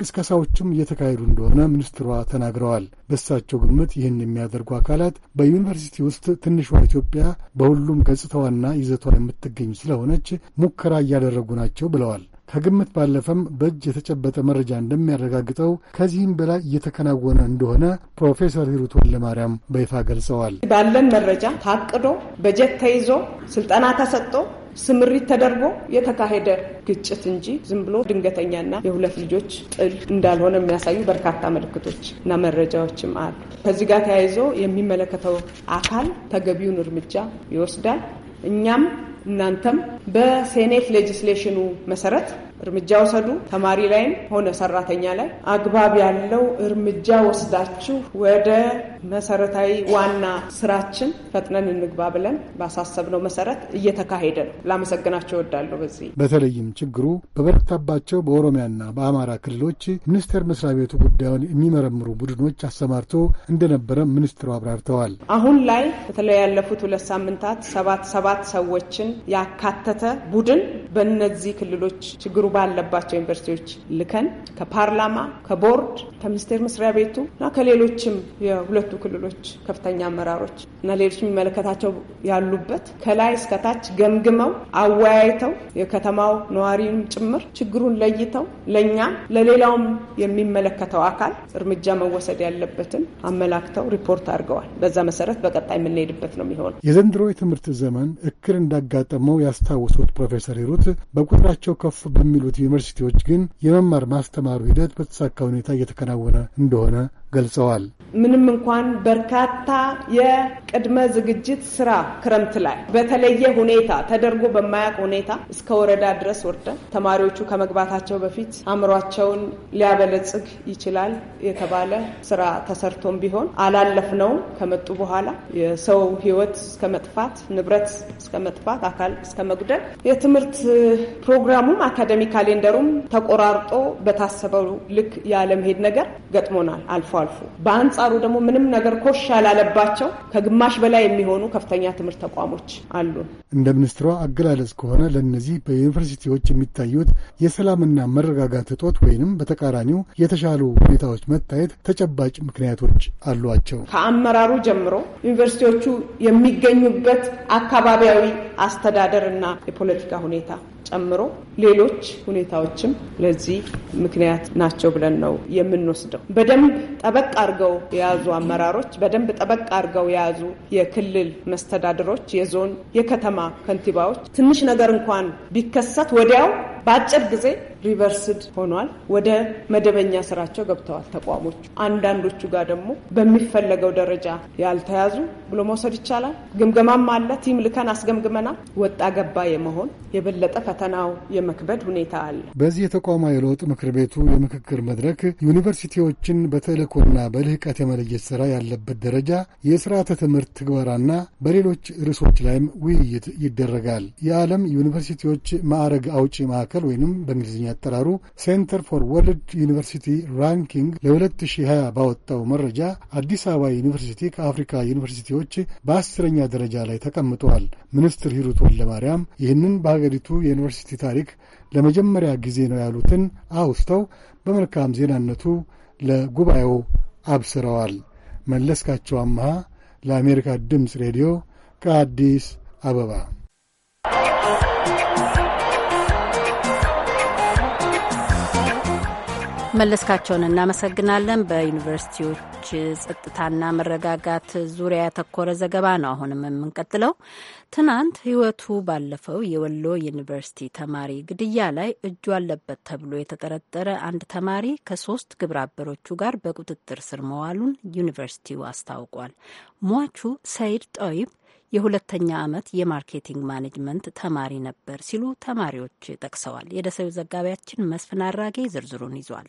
ቅስቀሳዎችም እየተካሄዱ እንደሆነ ሚኒስትሯ ተናግረዋል። በእሳቸው ግምት ይህን የሚያደርጉ አካላት በዩኒቨርሲቲ ውስጥ ትንሿ ኢትዮጵያ በሁሉም ገጽታዋና ይዘቷ የምትገኝ ስለሆነች ሙከራ እያደረጉ ናቸው ብለዋል። ከግምት ባለፈም በእጅ የተጨበጠ መረጃ እንደሚያረጋግጠው ከዚህም በላይ እየተከናወነ እንደሆነ ፕሮፌሰር ሂሩት ወልደማርያም በይፋ ገልጸዋል። ባለን መረጃ ታቅዶ በጀት ተይዞ ስልጠና ተሰጥቶ ስምሪት ተደርጎ የተካሄደ ግጭት እንጂ ዝም ብሎ ድንገተኛና የሁለት ልጆች ጥል እንዳልሆነ የሚያሳዩ በርካታ ምልክቶች እና መረጃዎችም አሉ። ከዚህ ጋር ተያይዞ የሚመለከተው አካል ተገቢውን እርምጃ ይወስዳል። እኛም እናንተም በሴኔት ሌጅስሌሽኑ መሰረት እርምጃ ውሰዱ። ተማሪ ላይም ሆነ ሰራተኛ ላይ አግባብ ያለው እርምጃ ወስዳችሁ ወደ መሰረታዊ ዋና ስራችን ፈጥነን እንግባ ብለን ባሳሰብነው መሰረት እየተካሄደ ነው። ላመሰግናቸው እወዳለሁ። በዚህ በተለይም ችግሩ በበረታባቸው በኦሮሚያና በአማራ ክልሎች ሚኒስቴር መስሪያ ቤቱ ጉዳዩን የሚመረምሩ ቡድኖች አሰማርቶ እንደነበረ ሚኒስትሩ አብራርተዋል። አሁን ላይ በተለይ ያለፉት ሁለት ሳምንታት ሰባት ሰባት ሰዎችን ያካተተ ቡድን በእነዚህ ክልሎች ችግሩ ባለባቸው ዩኒቨርሲቲዎች ልከን ከፓርላማ ከቦርድ ከሚኒስቴር መስሪያ ቤቱ እና ከሌሎችም የሁለቱ ክልሎች ከፍተኛ አመራሮች እና ሌሎች የሚመለከታቸው ያሉበት ከላይ እስከታች ገምግመው አወያይተው የከተማው ነዋሪውን ጭምር ችግሩን ለይተው ለእኛ ለሌላውም የሚመለከተው አካል እርምጃ መወሰድ ያለበትን አመላክተው ሪፖርት አድርገዋል። በዛ መሰረት በቀጣይ የምንሄድበት ነው የሚሆነው። የዘንድሮ የትምህርት ዘመን እክል እንዳጋጠመው ያስታወሱት ፕሮፌሰር ሂሩት በቁጥራቸው ከፍ በሚ የሚሉት ዩኒቨርሲቲዎች ግን የመማር ማስተማሩ ሂደት በተሳካ ሁኔታ እየተከናወነ እንደሆነ ገልጸዋል። ምንም እንኳን በርካታ የቅድመ ዝግጅት ስራ ክረምት ላይ በተለየ ሁኔታ ተደርጎ በማያውቅ ሁኔታ እስከ ወረዳ ድረስ ወርደን ተማሪዎቹ ከመግባታቸው በፊት አእምሯቸውን ሊያበለጽግ ይችላል የተባለ ስራ ተሰርቶም ቢሆን አላለፍነውም። ከመጡ በኋላ የሰው ህይወት እስከ መጥፋት፣ ንብረት እስከ መጥፋት፣ አካል እስከ መጉደል የትምህርት ፕሮግራሙም አካደሚ ካሌንደሩም ተቆራርጦ በታሰበው ልክ ያለመሄድ ነገር ገጥሞናል አልፏል። አልፎ በአንጻሩ ደግሞ ምንም ነገር ኮሽ ያላለባቸው ከግማሽ በላይ የሚሆኑ ከፍተኛ ትምህርት ተቋሞች አሉ። እንደ ሚኒስትሯ አገላለጽ ከሆነ ለእነዚህ በዩኒቨርሲቲዎች የሚታዩት የሰላምና መረጋጋት እጦት ወይንም በተቃራኒው የተሻሉ ሁኔታዎች መታየት ተጨባጭ ምክንያቶች አሏቸው። ከአመራሩ ጀምሮ ዩኒቨርሲቲዎቹ የሚገኙበት አካባቢያዊ አስተዳደር እና የፖለቲካ ሁኔታ ጨምሮ ሌሎች ሁኔታዎችም ለዚህ ምክንያት ናቸው ብለን ነው የምንወስደው። በደንብ ጠበቅ አድርገው የያዙ አመራሮች፣ በደንብ ጠበቅ አድርገው የያዙ የክልል መስተዳድሮች፣ የዞን የከተማ ከንቲባዎች ትንሽ ነገር እንኳን ቢከሰት ወዲያው በአጭር ጊዜ ሪቨርስድ ሆኗል። ወደ መደበኛ ስራቸው ገብተዋል ተቋሞቹ። አንዳንዶቹ ጋር ደግሞ በሚፈለገው ደረጃ ያልተያዙ ብሎ መውሰድ ይቻላል። ግምገማም አለ። ቲም ልከን አስገምግመናል። ወጣ ገባ የመሆን የበለጠ ፈተናው የመክበድ ሁኔታ አለ። በዚህ የተቋማዊ ለውጥ ምክር ቤቱ የምክክር መድረክ ዩኒቨርሲቲዎችን በተልዕኮና በልህቀት የመለየት ስራ ያለበት ደረጃ፣ የስርዓተ ትምህርት ትግበራና በሌሎች ርዕሶች ላይም ውይይት ይደረጋል። የዓለም ዩኒቨርሲቲዎች ማዕረግ አውጪ ማዕከል መካከል ወይንም በእንግሊዝኛ አጠራሩ ሴንተር ፎር ወርልድ ዩኒቨርሲቲ ራንኪንግ ለ2020 ባወጣው መረጃ አዲስ አበባ ዩኒቨርሲቲ ከአፍሪካ ዩኒቨርሲቲዎች በአስረኛ ደረጃ ላይ ተቀምጠዋል። ሚኒስትር ሂሩት ወልደማርያም ይህንን በሀገሪቱ የዩኒቨርሲቲ ታሪክ ለመጀመሪያ ጊዜ ነው ያሉትን አውስተው በመልካም ዜናነቱ ለጉባኤው አብስረዋል። መለስካቸው አምሃ ለአሜሪካ ድምፅ ሬዲዮ ከአዲስ አበባ መለስካቸውን እናመሰግናለን። በዩኒቨርሲቲዎች ጸጥታና መረጋጋት ዙሪያ ያተኮረ ዘገባ ነው አሁንም የምንቀጥለው። ትናንት ሕይወቱ ባለፈው የወሎ ዩኒቨርሲቲ ተማሪ ግድያ ላይ እጁ አለበት ተብሎ የተጠረጠረ አንድ ተማሪ ከሶስት ግብረ አበሮቹ ጋር በቁጥጥር ስር መዋሉን ዩኒቨርሲቲው አስታውቋል። ሟቹ ሰይድ ጠይብ የሁለተኛ ዓመት የማርኬቲንግ ማኔጅመንት ተማሪ ነበር ሲሉ ተማሪዎች ጠቅሰዋል። የደሴው ዘጋቢያችን መስፍን አራጌ ዝርዝሩን ይዟል።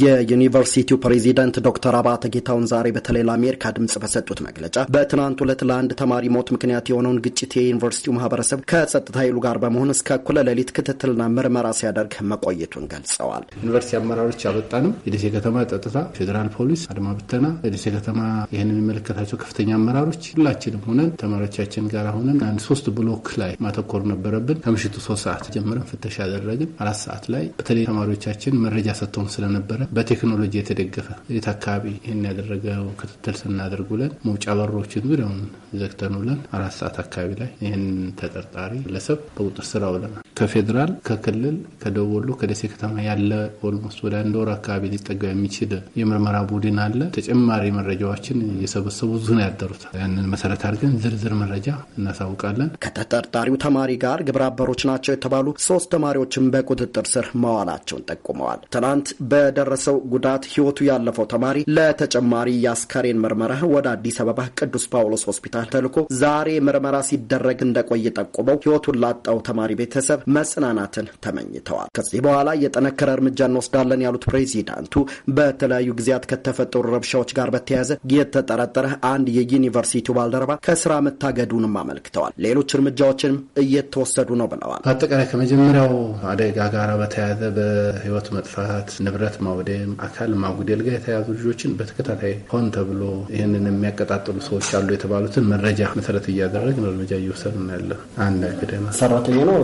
የዩኒቨርሲቲው ፕሬዚደንት ዶክተር አባተ ጌታውን ዛሬ በተለይ ለአሜሪካ ድምጽ በሰጡት መግለጫ በትናንት ሁለት ለአንድ ተማሪ ሞት ምክንያት የሆነውን ግጭት የዩኒቨርሲቲው ማህበረሰብ ከጸጥታ ኃይሉ ጋር በመሆን እስከ እኩለ ሌሊት ክትትልና ምርመራ ሲያደርግ መቆየቱን ገልጸዋል። ዩኒቨርሲቲ አመራሮች አልወጣንም። የደሴ ከተማ ጸጥታ፣ ፌዴራል ፖሊስ፣ አድማ ብተና፣ የደሴ ከተማ ይህን የሚመለከታቸው ከፍተኛ አመራሮች ሁላችንም ሆነን ተማሪዎቻችን ጋር ሆነን አንድ ሶስት ብሎክ ላይ ማተኮር ነበረብን። ከምሽቱ ሶስት ሰዓት ጀምረን ፍተሻ ያደረግን አራት ሰዓት ላይ በተለይ ተማሪዎቻችን መረጃ ሰጥተውን ስለነበር ነበረ። በቴክኖሎጂ የተደገፈ የት አካባቢ ይህን ያደረገው ክትትል ስናደርግ ውለን መውጫ በሮችን ብለውን ዘግተን ውለን አራት ሰዓት አካባቢ ላይ ይህን ተጠርጣሪ ግለሰብ በቁጥር ስራ ውለናል። ከፌዴራል ከክልል ከደቡብ ወሎ ከደሴ ከተማ ያለ ኦልሞስት ወደ አንድ ወር አካባቢ ሊጠጋ የሚችል የምርመራ ቡድን አለ። ተጨማሪ መረጃዎችን እየሰበሰቡ ዙን ያደሩት ያንን መሰረት አድርገን ዝርዝር መረጃ እናሳውቃለን። ከተጠርጣሪው ተማሪ ጋር ግብረ አበሮች ናቸው የተባሉ ሶስት ተማሪዎችን በቁጥጥር ስር መዋላቸውን ጠቁመዋል። ትናንት በደ በደረሰው ጉዳት ህይወቱ ያለፈው ተማሪ ለተጨማሪ የአስከሬን ምርመራ ወደ አዲስ አበባ ቅዱስ ጳውሎስ ሆስፒታል ተልኮ ዛሬ ምርመራ ሲደረግ እንደቆየ ጠቁመው ህይወቱን ላጣው ተማሪ ቤተሰብ መጽናናትን ተመኝተዋል። ከዚህ በኋላ የጠነከረ እርምጃ እንወስዳለን ያሉት ፕሬዚዳንቱ በተለያዩ ጊዜያት ከተፈጠሩ ረብሻዎች ጋር በተያያዘ የተጠረጠረ አንድ የዩኒቨርሲቲው ባልደረባ ከስራ መታገዱንም አመልክተዋል። ሌሎች እርምጃዎችንም እየተወሰዱ ነው ብለዋል። አጠቃላይ ከመጀመሪያው አደጋ ጋር በተያያዘ በህይወት መጥፋት ንብረት ማ ማውደም፣ አካል ማጉደል ጋር የተያዙ ልጆችን በተከታታይ ሆን ተብሎ ይህንን የሚያቀጣጥሉ ሰዎች አሉ የተባሉትን መረጃ መሰረት እያደረግን እርምጃ እየወሰድ ነው ያለ። አንድ ገደማ ሰራተኛ ነው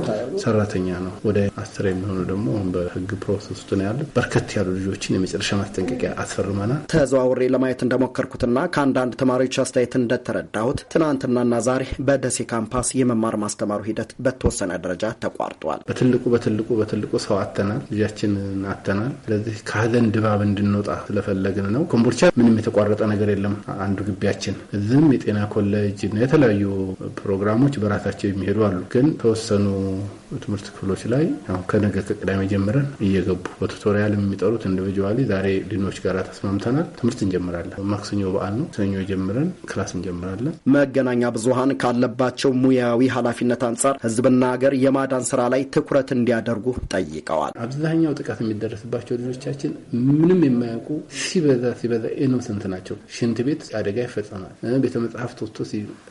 ሰራተኛ ነው ወደ አስር የሚሆኑ ደግሞ በህግ ፕሮሰስ ውስጥ ነው ያሉት። በርከት ያሉ ልጆችን የመጨረሻ ማስጠንቀቂያ አስፈርመናል። ተዘዋውሬ ለማየት እንደሞከርኩትና ከአንዳንድ ተማሪዎች አስተያየት እንደተረዳሁት ትናንትናና ዛሬ በደሴ ካምፓስ የመማር ማስተማሩ ሂደት በተወሰነ ደረጃ ተቋርጧል። በትልቁ በትልቁ በትልቁ ሰው አተናል፣ ልጃችንን አተናል። ስለዚህ ከ20 ከሀዘን ድባብ እንድንወጣ ስለፈለግን ነው። ኮምቦልቻ ምንም የተቋረጠ ነገር የለም። አንዱ ግቢያችን እዚህም የጤና ኮሌጅ እና የተለያዩ ፕሮግራሞች በራሳቸው የሚሄዱ አሉ። ግን ተወሰኑ ትምህርት ክፍሎች ላይ አሁን ከነገ ከቅዳሜ ጀምረን እየገቡ በቱቶሪያል የሚጠሩት ኢንዲቪጁዋሊ ዛሬ ድኖች ጋር ተስማምተናል፣ ትምህርት እንጀምራለን። ማክሰኞ በዓል ነው። ሰኞ ጀምረን ክላስ እንጀምራለን። መገናኛ ብዙሃን ካለባቸው ሙያዊ ኃላፊነት አንጻር ህዝብና ሀገር የማዳን ስራ ላይ ትኩረት እንዲያደርጉ ጠይቀዋል። አብዛኛው ጥቃት የሚደረስባቸው ልጆቻችን ምንም የማያውቁ ሲበዛ ሲበዛ ኢኖሰንት ናቸው። ሽንት ቤት አደጋ ይፈጸማል። ቤተ መጽሐፍት ወጥቶ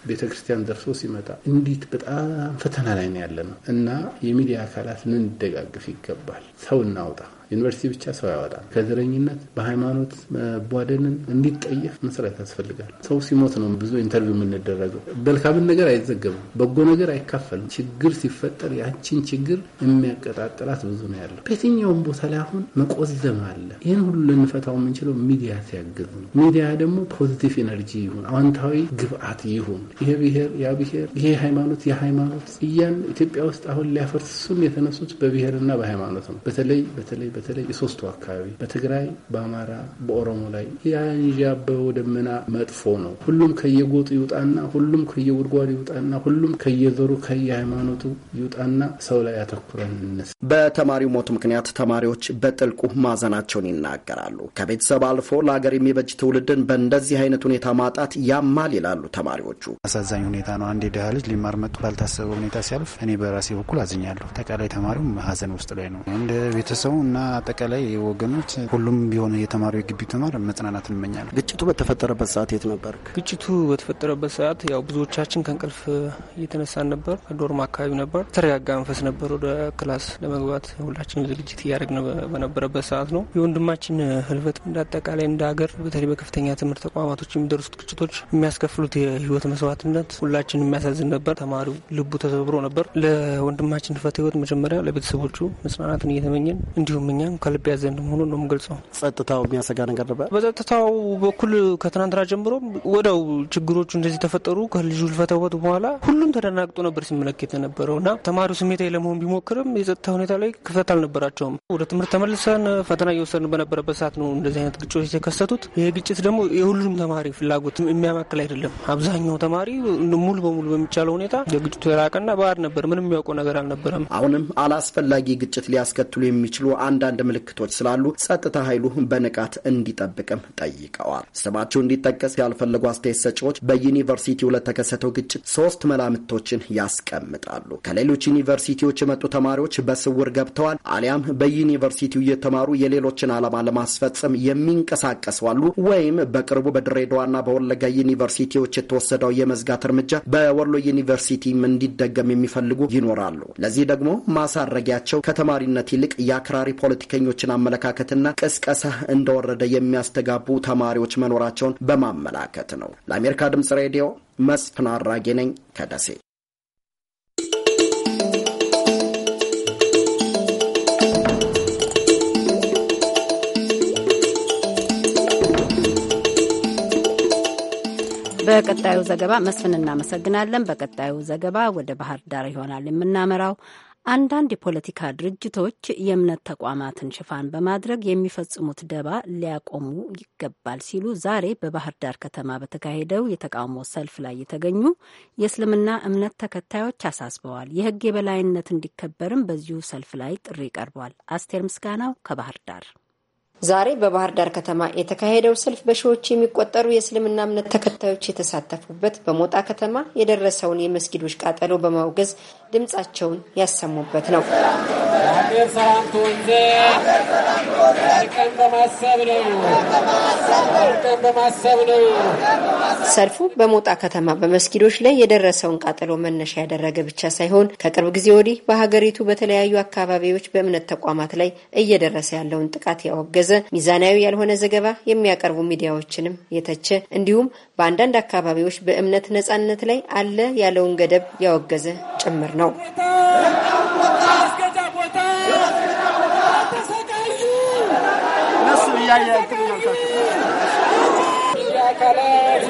ቤተክርስቲያን ደርሶ ሲመጣ እንዲት በጣም ፈተና ላይ ነው ያለ ነው እና የሚዲያ አካላት ልንደጋግፍ ይገባል። ሰው እናውጣ። ዩኒቨርሲቲ ብቻ ሰው ያወጣል። ከዘረኝነት በሃይማኖት መቧደንን እንዲጠየፍ መስራት ያስፈልጋል። ሰው ሲሞት ነው ብዙ ኢንተርቪው የምንደረገው። መልካምን ነገር አይዘገብም፣ በጎ ነገር አይካፈልም። ችግር ሲፈጠር ያችን ችግር የሚያቀጣጥላት ብዙ ነው ያለው። በየትኛውም ቦታ ላይ አሁን መቆዘም አለ። ይህን ሁሉ ልንፈታው የምንችለው ሚዲያ ሲያግዝ ነው። ሚዲያ ደግሞ ፖዚቲቭ ኤነርጂ ይሁን፣ አዎንታዊ ግብአት ይሁን። ይሄ ብሔር ያ ብሄር፣ ይሄ ሃይማኖት ያ ሃይማኖት እያን ኢትዮጵያ ውስጥ አሁን ሊያፈርሱን የተነሱት በብሔርና በሃይማኖት ነው። በተለይ በተለይ በተለይ የሶስቱ አካባቢ በትግራይ፣ በአማራ፣ በኦሮሞ ላይ ያንዣበበው ደመና መጥፎ ነው። ሁሉም ከየጎጡ ይውጣና፣ ሁሉም ከየጉድጓዱ ይውጣና፣ ሁሉም ከየዘሩ ከየሃይማኖቱ ይውጣና ሰው ላይ ያተኩረን እንስ በተማሪው ሞት ምክንያት ተማሪዎች በጥልቁ ማዘናቸውን ይናገራሉ። ከቤተሰብ አልፎ ለሀገር የሚበጅ ትውልድን በእንደዚህ አይነት ሁኔታ ማጣት ያማል ይላሉ ተማሪዎቹ። አሳዛኝ ሁኔታ ነው። አንድ የድሃ ልጅ ሊማር መጡ ባልታሰበ ሁኔታ ሲያልፍ እኔ በራሴ በኩል አዝኛለሁ። አጠቃላይ ተማሪውም ሀዘን ውስጥ ላይ ነው እንደ ቤተሰቡ እና አጠቃላይ ወገኖች ሁሉም ቢሆነ የተማሪ የግቢ ተማር መጽናናት እንመኛለን። ግጭቱ በተፈጠረበት ሰዓት የት ነበር? ግጭቱ በተፈጠረበት ሰዓት ያው ብዙዎቻችን ከእንቅልፍ እየተነሳን ነበር። ዶርም አካባቢ ነበር። ተረጋጋ መንፈስ ነበር። ወደ ክላስ ለመግባት ሁላችንም ዝግጅት እያደረግን በነበረበት ሰዓት ነው የወንድማችን ህልፈት። እንደ አጠቃላይ እንደ ሀገር በተለይ በከፍተኛ ትምህርት ተቋማቶች የሚደርሱት ግጭቶች የሚያስከፍሉት የህይወት መስዋዕትነት ሁላችን የሚያሳዝን ነበር። ተማሪው ልቡ ተሰብሮ ነበር። ለወንድማችን ህልፈት ህይወት መጀመሪያ ለቤተሰቦቹ መጽናናትን እየተመኘን እንዲሁም እኛም ከልብ ያዘን መሆኑን ነው የምገልጸው። ጸጥታው የሚያሰጋ ነገር ነበር። በጸጥታው በኩል ከትናንትና ጀምሮ ወደው ችግሮቹ እንደዚህ ተፈጠሩ። ከልጁ ልፈተወት በኋላ ሁሉም ተደናግጦ ነበር ሲመለከት የነበረው እና ተማሪው ስሜታዊ ለመሆን ቢሞክርም የጸጥታ ሁኔታ ላይ ክፍተት አልነበራቸውም። ወደ ትምህርት ተመልሰን ፈተና እየወሰድን በነበረበት ሰዓት ነው እንደዚህ አይነት ግጭቶች የተከሰቱት። ይህ ግጭት ደግሞ የሁሉም ተማሪ ፍላጎት የሚያማክል አይደለም። አብዛኛው ተማሪ ሙሉ በሙሉ በሚቻለው ሁኔታ የግጭቱ የራቀና ባዕድ ነበር። ምንም የሚያውቀው ነገር አልነበረም። አሁንም አላስፈላጊ ግጭት ሊያስከትሉ የሚችሉ አንዳ አንዳንድ ምልክቶች ስላሉ ጸጥታ ኃይሉ በንቃት እንዲጠብቅም ጠይቀዋል። ስማቸው እንዲጠቀስ ያልፈለጉ አስተያየት ሰጪዎች በዩኒቨርሲቲው ለተከሰተው ግጭት ሶስት መላምቶችን ያስቀምጣሉ። ከሌሎች ዩኒቨርሲቲዎች የመጡ ተማሪዎች በስውር ገብተዋል፣ አሊያም በዩኒቨርሲቲው እየተማሩ የሌሎችን ዓላማ ለማስፈጸም የሚንቀሳቀሱ አሉ፣ ወይም በቅርቡ በድሬዳዋና በወለጋ ዩኒቨርሲቲዎች የተወሰደው የመዝጋት እርምጃ በወሎ ዩኒቨርሲቲም እንዲደገም የሚፈልጉ ይኖራሉ። ለዚህ ደግሞ ማሳረጊያቸው ከተማሪነት ይልቅ የአክራሪ ፖለቲ የፖለቲከኞችን አመለካከትና ቅስቀሳ እንደወረደ የሚያስተጋቡ ተማሪዎች መኖራቸውን በማመላከት ነው። ለአሜሪካ ድምጽ ሬዲዮ መስፍን አራጌ ነኝ ከደሴ። በቀጣዩ ዘገባ መስፍን እናመሰግናለን። በቀጣዩ ዘገባ ወደ ባህር ዳር ይሆናል የምናመራው። አንዳንድ የፖለቲካ ድርጅቶች የእምነት ተቋማትን ሽፋን በማድረግ የሚፈጽሙት ደባ ሊያቆሙ ይገባል ሲሉ ዛሬ በባህር ዳር ከተማ በተካሄደው የተቃውሞ ሰልፍ ላይ የተገኙ የእስልምና እምነት ተከታዮች አሳስበዋል። የሕግ የበላይነት እንዲከበርም በዚሁ ሰልፍ ላይ ጥሪ ቀርቧል። አስቴር ምስጋናው ከባህር ዳር ዛሬ በባህር ዳር ከተማ የተካሄደው ሰልፍ በሺዎች የሚቆጠሩ የእስልምና እምነት ተከታዮች የተሳተፉበት በሞጣ ከተማ የደረሰውን የመስጊዶች ቃጠሎ በማውገዝ ድምፃቸውን ያሰሙበት ነው። ነው። ሰልፉ በሞጣ ከተማ በመስጊዶች ላይ የደረሰውን ቃጠሎ መነሻ ያደረገ ብቻ ሳይሆን ከቅርብ ጊዜ ወዲህ በሀገሪቱ በተለያዩ አካባቢዎች በእምነት ተቋማት ላይ እየደረሰ ያለውን ጥቃት ያወገዘ ሚዛናዊ ያልሆነ ዘገባ የሚያቀርቡ ሚዲያዎችንም የተቸ እንዲሁም በአንዳንድ አካባቢዎች በእምነት ነጻነት ላይ አለ ያለውን ገደብ ያወገዘ ጭምር ነው። አካላት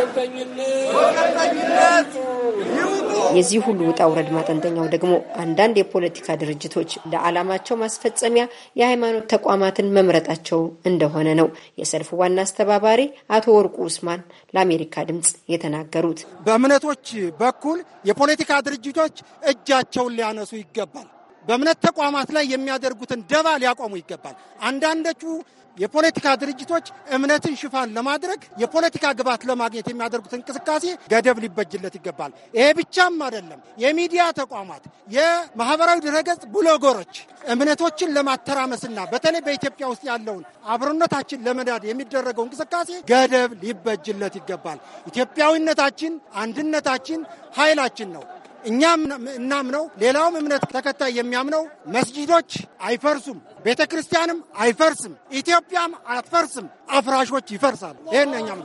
ወገንተኝነት የዚህ ሁሉ ውጣ ውረድ ማጠንጠኛው ደግሞ አንዳንድ የፖለቲካ ድርጅቶች ለዓላማቸው ማስፈጸሚያ የሃይማኖት ተቋማትን መምረጣቸው እንደሆነ ነው የሰልፉ ዋና አስተባባሪ አቶ ወርቁ ኡስማን ለአሜሪካ ድምፅ የተናገሩት። በእምነቶች በኩል የፖለቲካ ድርጅቶች እጃቸውን ሊያነሱ ይገባል። በእምነት ተቋማት ላይ የሚያደርጉትን ደባ ሊያቆሙ ይገባል። አንዳንዶቹ የፖለቲካ ድርጅቶች እምነትን ሽፋን ለማድረግ የፖለቲካ ግብዓት ለማግኘት የሚያደርጉት እንቅስቃሴ ገደብ ሊበጅለት ይገባል። ይሄ ብቻም አይደለም። የሚዲያ ተቋማት፣ የማህበራዊ ድረገጽ ብሎገሮች እምነቶችን ለማተራመስና በተለይ በኢትዮጵያ ውስጥ ያለውን አብሮነታችን ለመዳድ የሚደረገው እንቅስቃሴ ገደብ ሊበጅለት ይገባል። ኢትዮጵያዊነታችን፣ አንድነታችን ኃይላችን ነው። እኛም እናምነው፣ ሌላውም እምነት ተከታይ የሚያምነው መስጂዶች አይፈርሱም፣ ቤተ ክርስቲያንም አይፈርስም፣ ኢትዮጵያም አትፈርስም። አፍራሾች ይፈርሳል። ይህነኛም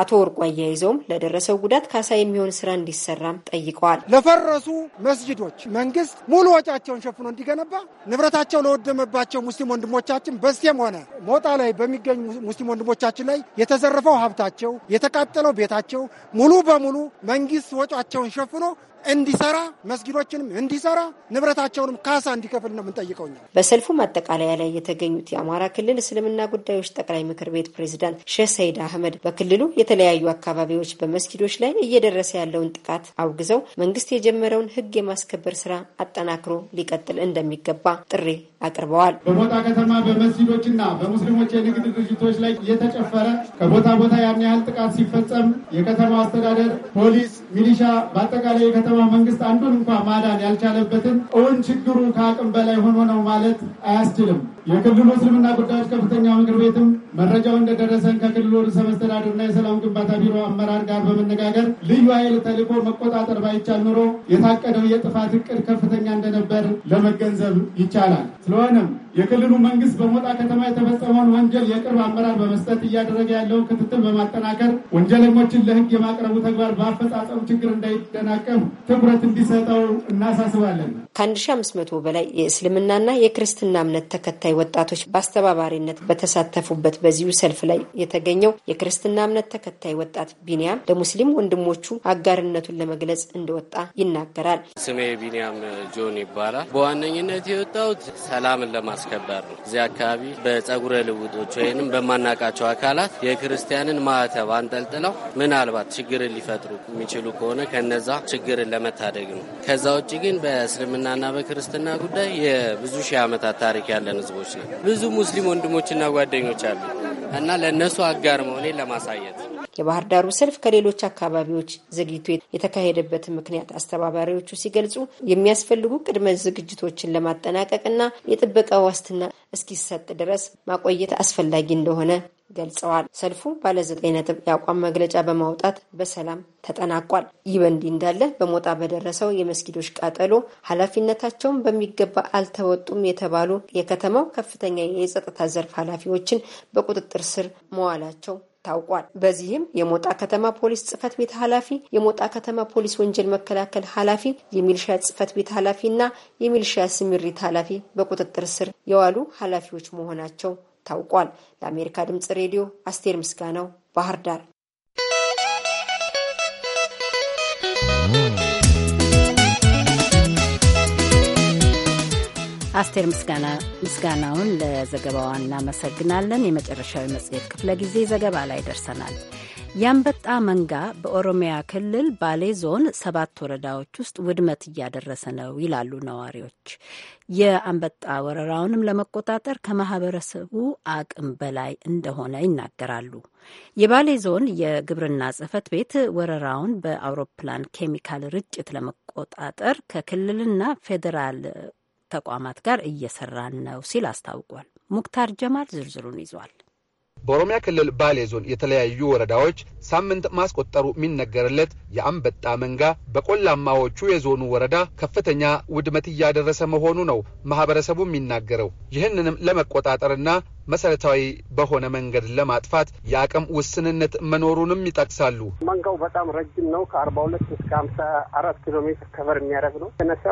አቶ ወርቁ አያይዘውም ለደረሰው ጉዳት ካሳ የሚሆን ስራ እንዲሰራም ጠይቀዋል። ለፈረሱ መስጅዶች መንግስት ሙሉ ወጫቸውን ሸፍኖ እንዲገነባ፣ ንብረታቸው ለወደመባቸው ሙስሊም ወንድሞቻችን በስቴም ሆነ ሞጣ ላይ በሚገኙ ሙስሊም ወንድሞቻችን ላይ የተዘረፈው ሀብታቸው፣ የተቃጠለው ቤታቸው ሙሉ በሙሉ መንግስት ወጫቸውን ሸፍኖ እንዲሰራ መስጊዶችንም እንዲሰራ ንብረታቸውንም ካሳ እንዲከፍል ነው የምንጠይቀው። እኛ በሰልፉ ማጠቃለያ ላይ የተገኙት የአማራ ክልል እስልምና ጉዳዮች ጠቅላይ ምክር ቤት ፕሬዚዳንት ሼህ ሰይድ አህመድ በክልሉ የተለያዩ አካባቢዎች በመስጊዶች ላይ እየደረሰ ያለውን ጥቃት አውግዘው መንግስት የጀመረውን ህግ የማስከበር ስራ አጠናክሮ ሊቀጥል እንደሚገባ ጥሪ አቅርበዋል። በቦታ ከተማ በመስጊዶችና በሙስሊሞች የንግድ ድርጅቶች ላይ እየተጨፈረ ከቦታ ቦታ ያን ያህል ጥቃት ሲፈጸም የከተማ አስተዳደር፣ ፖሊስ፣ ሚሊሻ በአጠቃላይ የከተማ የኦሮሞ መንግስት አንዱን እንኳ ማዳን ያልቻለበትን እውን ችግሩ ከአቅም በላይ ሆኖ ነው ማለት አያስችልም። የክልሉ እስልምና ጉዳዮች ከፍተኛ ምክር ቤትም መረጃው እንደደረሰን ከክልሉ ርዕሰ መስተዳድርና የሰላም ግንባታ ቢሮ አመራር ጋር በመነጋገር ልዩ ኃይል ተልዕኮ መቆጣጠር ባይቻል ኑሮ የታቀደው የጥፋት እቅድ ከፍተኛ እንደነበር ለመገንዘብ ይቻላል። ስለሆነም የክልሉ መንግስት በሞጣ ከተማ የተፈጸመውን ወንጀል የቅርብ አመራር በመስጠት እያደረገ ያለውን ክትትል በማጠናከር ወንጀለኞችን ለህግ የማቅረቡ ተግባር በአፈጻጸሙ ችግር እንዳይደናቀም ትኩረት እንዲሰጠው እናሳስባለን። ከአንድ ሺ አምስት መቶ በላይ የእስልምናና የክርስትና እምነት ተከታይ ወጣቶች በአስተባባሪነት በተሳተፉበት በዚሁ ሰልፍ ላይ የተገኘው የክርስትና እምነት ተከታይ ወጣት ቢንያም ለሙስሊም ወንድሞቹ አጋርነቱን ለመግለጽ እንደወጣ ይናገራል። ስሜ ቢንያም ጆን ይባላል። በዋነኝነት የወጣሁት ሰላምን ለማስ ማስከበር ነው። እዚህ አካባቢ በጸጉረ ልውጦች ወይንም በማናቃቸው አካላት የክርስቲያንን ማዕተብ አንጠልጥለው ምናልባት ችግርን ሊፈጥሩ የሚችሉ ከሆነ ከነዛ ችግርን ለመታደግ ነው። ከዛ ውጭ ግን በእስልምናና በክርስትና ጉዳይ የብዙ ሺህ ዓመታት ታሪክ ያለን ህዝቦች ነን። ብዙ ሙስሊም ወንድሞችና ጓደኞች አሉ እና ለእነሱ አጋር መሆኔን ለማሳየት የባህር ዳሩ ሰልፍ ከሌሎች አካባቢዎች ዘግይቶ የተካሄደበትን ምክንያት አስተባባሪዎቹ ሲገልጹ የሚያስፈልጉ ቅድመ ዝግጅቶችን ለማጠናቀቅና የጥበቃ ዋስትና እስኪሰጥ ድረስ ማቆየት አስፈላጊ እንደሆነ ገልጸዋል። ሰልፉ ባለ ዘጠኝ ነጥብ የአቋም መግለጫ በማውጣት በሰላም ተጠናቋል። ይህ በእንዲህ እንዳለ በሞጣ በደረሰው የመስጊዶች ቃጠሎ ኃላፊነታቸውን በሚገባ አልተወጡም የተባሉ የከተማው ከፍተኛ የጸጥታ ዘርፍ ኃላፊዎችን በቁጥጥር ስር መዋላቸው ታውቋል። በዚህም የሞጣ ከተማ ፖሊስ ጽፈት ቤት ኃላፊ፣ የሞጣ ከተማ ፖሊስ ወንጀል መከላከል ኃላፊ፣ የሚልሻ ጽፈት ቤት ኃላፊ እና የሚልሻ ስምሪት ኃላፊ በቁጥጥር ስር የዋሉ ኃላፊዎች መሆናቸው ታውቋል። ለአሜሪካ ድምጽ ሬዲዮ አስቴር ምስጋናው ባህር ዳር አስቴር ምስጋናውን ለዘገባዋ እናመሰግናለን። የመጨረሻዊ መጽሔት ክፍለ ጊዜ ዘገባ ላይ ደርሰናል። የአንበጣ መንጋ በኦሮሚያ ክልል ባሌ ዞን ሰባት ወረዳዎች ውስጥ ውድመት እያደረሰ ነው ይላሉ ነዋሪዎች። የአንበጣ ወረራውንም ለመቆጣጠር ከማህበረሰቡ አቅም በላይ እንደሆነ ይናገራሉ። የባሌ ዞን የግብርና ጽህፈት ቤት ወረራውን በአውሮፕላን ኬሚካል ርጭት ለመቆጣጠር ከክልልና ፌዴራል ተቋማት ጋር እየሰራን ነው ሲል አስታውቋል። ሙክታር ጀማል ዝርዝሩን ይዟል። በኦሮሚያ ክልል ባሌ ዞን የተለያዩ ወረዳዎች ሳምንት ማስቆጠሩ የሚነገርለት የአንበጣ መንጋ በቆላማዎቹ የዞኑ ወረዳ ከፍተኛ ውድመት እያደረሰ መሆኑ ነው ማህበረሰቡ የሚናገረው። ይህንንም ለመቆጣጠርና መሰረታዊ በሆነ መንገድ ለማጥፋት የአቅም ውስንነት መኖሩንም ይጠቅሳሉ። መንጋው በጣም ረጅም ነው። ከአርባ ሁለት እስከ ሀምሳ አራት ኪሎ ሜትር ከቨር የሚያደርግ ነው። ተነሳ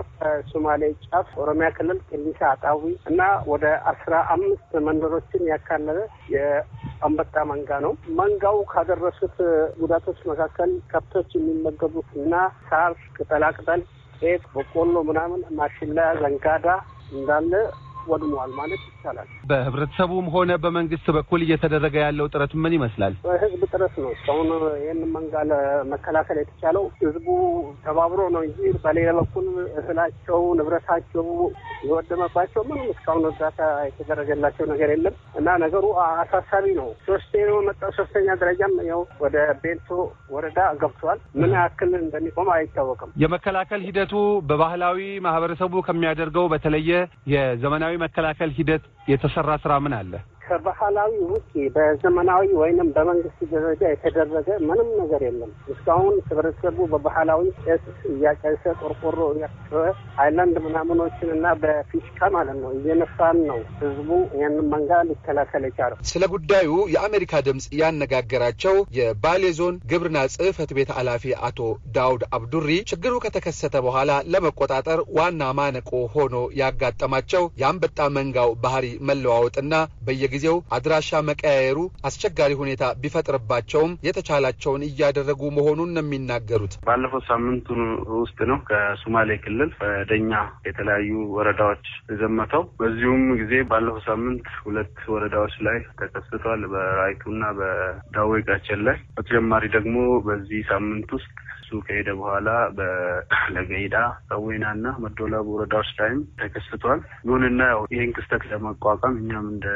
ሶማሌ ጫፍ፣ ኦሮሚያ ክልል ቀኒሳ፣ አጣዊ እና ወደ አስራ አምስት መንደሮችን ያካለለ የአንበጣ መንጋ ነው። መንጋው ካደረሱት ጉዳቶች መካከል ከብቶች የሚመገቡት እና ሳር፣ ቅጠላቅጠል፣ ጤፍ፣ በቆሎ ምናምን፣ ማሽላ፣ ዘንጋዳ እንዳለ ወድሟል ማለት ይቻላል። በህብረተሰቡም ሆነ በመንግስት በኩል እየተደረገ ያለው ጥረት ምን ይመስላል? በህዝብ ጥረት ነው። እስካሁን ይህን መንጋ ለመከላከል የተቻለው ህዝቡ ተባብሮ ነው እንጂ በሌላ በኩል እህላቸው፣ ንብረታቸው የወደመባቸው ምንም እስካሁን እርዳታ የተደረገላቸው ነገር የለም እና ነገሩ አሳሳቢ ነው። ሶስቴ ነው መጣው ሶስተኛ ደረጃም ያው ወደ ቤልቶ ወረዳ ገብቷል። ምን ያክል እንደሚቆም አይታወቅም። የመከላከል ሂደቱ በባህላዊ ማህበረሰቡ ከሚያደርገው በተለየ የዘመናዊ መከላከል ሂደት የተሰራ ስራ ምን አለ? ከባህላዊ ውጭ በዘመናዊ ወይንም በመንግስት ደረጃ የተደረገ ምንም ነገር የለም። እስካሁን ህብረተሰቡ በባህላዊ ጭስ እያጨሰ ቆርቆሮ እያጨሰ አይላንድ ምናምኖችን እና በፊሽካ ማለት ነው እየነፋን ነው። ህዝቡ ይህን መንጋ ሊከላከል የቻለው። ስለ ጉዳዩ የአሜሪካ ድምፅ ያነጋገራቸው የባሌ ዞን ግብርና ጽህፈት ቤት ኃላፊ አቶ ዳውድ አብዱሪ ችግሩ ከተከሰተ በኋላ ለመቆጣጠር ዋና ማነቆ ሆኖ ያጋጠማቸው የአንበጣ መንጋው ባህሪ መለዋወጥና በየ ለጊዜው አድራሻ መቀያየሩ አስቸጋሪ ሁኔታ ቢፈጥርባቸውም የተቻላቸውን እያደረጉ መሆኑን ነው የሚናገሩት። ባለፈው ሳምንቱ ውስጥ ነው ከሶማሌ ክልል ወደኛ የተለያዩ ወረዳዎች የዘመተው። በዚሁም ጊዜ ባለፈው ሳምንት ሁለት ወረዳዎች ላይ ተከስቷል፣ በራይቱና በዳዌ ቃቸን ላይ። በተጨማሪ ደግሞ በዚህ ሳምንት ውስጥ ከሄደ በኋላ በለገይዳ ሰዌና እና መደወላቡ ወረዳዎች ላይም ተከስቷል። ይሁንና ያው ይህን ክስተት ለመቋቋም እኛም እንደ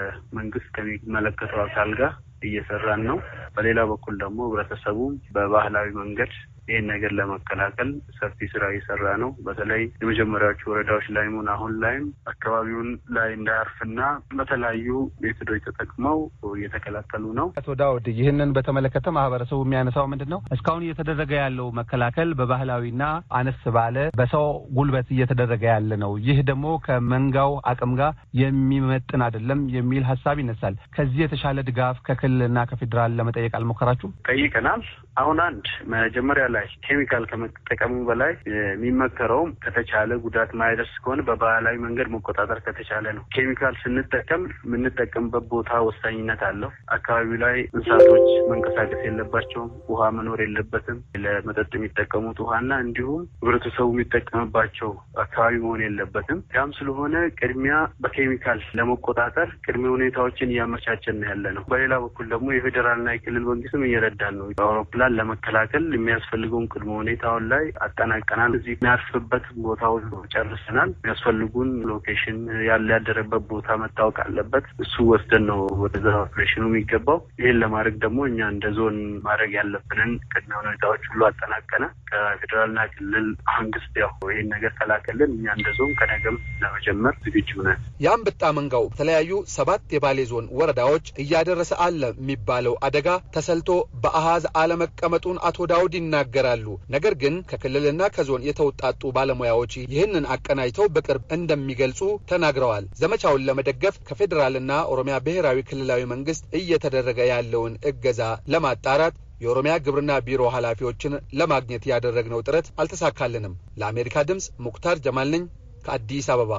መንግስት ከሚመለከተው አካል ጋር እየሰራን ነው። በሌላ በኩል ደግሞ ህብረተሰቡ በባህላዊ መንገድ ይህን ነገር ለመከላከል ሰፊ ስራ እየሰራ ነው። በተለይ የመጀመሪያዎቹ ወረዳዎች ሆን አሁን ላይም አካባቢውን ላይ እንዳያርፍና በተለያዩ ሜቶዶች ተጠቅመው እየተከላከሉ ነው። አቶ ዳውድ ይህንን በተመለከተ ማህበረሰቡ የሚያነሳው ምንድን ነው? እስካሁን እየተደረገ ያለው መከላከል በባህላዊና አነስ ባለ በሰው ጉልበት እየተደረገ ያለ ነው። ይህ ደግሞ ከመንጋው አቅም ጋር የሚመጥን አይደለም የሚል ሀሳብ ይነሳል። ከዚህ የተሻለ ድጋፍ ከክልልና ከፌዴራል ለመጠየቅ አልሞከራችሁም? ጠይቀናል። አሁን አንድ መጀመሪያ ላይ በላይ ኬሚካል ከመጠቀሙ በላይ የሚመከረውም ከተቻለ ጉዳት ማይደርስ ከሆነ በባህላዊ መንገድ መቆጣጠር ከተቻለ ነው። ኬሚካል ስንጠቀም የምንጠቀምበት ቦታ ወሳኝነት አለው። አካባቢው ላይ እንስሳቶች መንቀሳቀስ የለባቸውም። ውሃ መኖር የለበትም። ለመጠጥ የሚጠቀሙት ውሃና እንዲሁም ህብረተሰቡ የሚጠቀምባቸው አካባቢ መሆን የለበትም። ያም ስለሆነ ቅድሚያ በኬሚካል ለመቆጣጠር ቅድሚያ ሁኔታዎችን እያመቻቸን ያለ ነው። በሌላ በኩል ደግሞ የፌዴራልና የክልል መንግስትም እየረዳን ነው። አውሮፕላን ለመከላከል የሚያስፈልግ የሚያስፈልገውን ቅድመ ሁኔታውን ላይ አጠናቀናል። እዚህ የሚያርፍበት ቦታ ሁሉ ጨርሰናል። የሚያስፈልጉን ሎኬሽን ያለ ያደረበት ቦታ መታወቅ አለበት። እሱ ወስደን ነው ወደዛ ኦፕሬሽኑ የሚገባው። ይህን ለማድረግ ደግሞ እኛ እንደ ዞን ማድረግ ያለብንን ቅድመ ሁኔታዎች ሁሉ አጠናቀነ። ከፌዴራልና ክልል መንግስት ያው ይህን ነገር ተላከልን። እኛ እንደ ዞን ከነገም ለመጀመር ዝግጁ ነን። የአንበጣ መንጋው በተለያዩ ሰባት የባሌ ዞን ወረዳዎች እያደረሰ አለ የሚባለው አደጋ ተሰልቶ በአሃዝ አለመቀመጡን አቶ ዳውድ ይናገራል። ይናገራሉ። ነገር ግን ከክልልና ከዞን የተውጣጡ ባለሙያዎች ይህንን አቀናጅተው በቅርብ እንደሚገልጹ ተናግረዋል። ዘመቻውን ለመደገፍ ከፌዴራልና ኦሮሚያ ብሔራዊ ክልላዊ መንግስት እየተደረገ ያለውን እገዛ ለማጣራት የኦሮሚያ ግብርና ቢሮ ኃላፊዎችን ለማግኘት ያደረግነው ጥረት አልተሳካልንም። ለአሜሪካ ድምፅ ሙክታር ጀማል ነኝ ከአዲስ አበባ።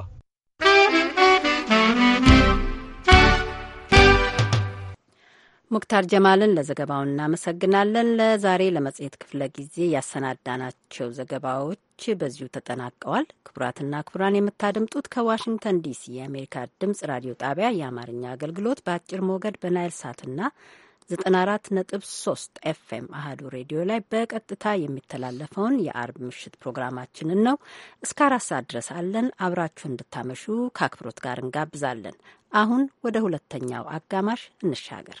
ሙክታር ጀማልን ለዘገባው እናመሰግናለን። ለዛሬ ለመጽሔት ክፍለ ጊዜ ያሰናዳናቸው ዘገባዎች በዚሁ ተጠናቀዋል። ክቡራትና ክቡራን የምታደምጡት ከዋሽንግተን ዲሲ የአሜሪካ ድምጽ ራዲዮ ጣቢያ የአማርኛ አገልግሎት በአጭር ሞገድ በናይል ሳትና 94.3 ኤፍኤም አህዱ ሬዲዮ ላይ በቀጥታ የሚተላለፈውን የአርብ ምሽት ፕሮግራማችንን ነው። እስከ አራት ሰዓት ድረስ አለን። አብራችሁ እንድታመሹ ከአክብሮት ጋር እንጋብዛለን። አሁን ወደ ሁለተኛው አጋማሽ እንሻገር።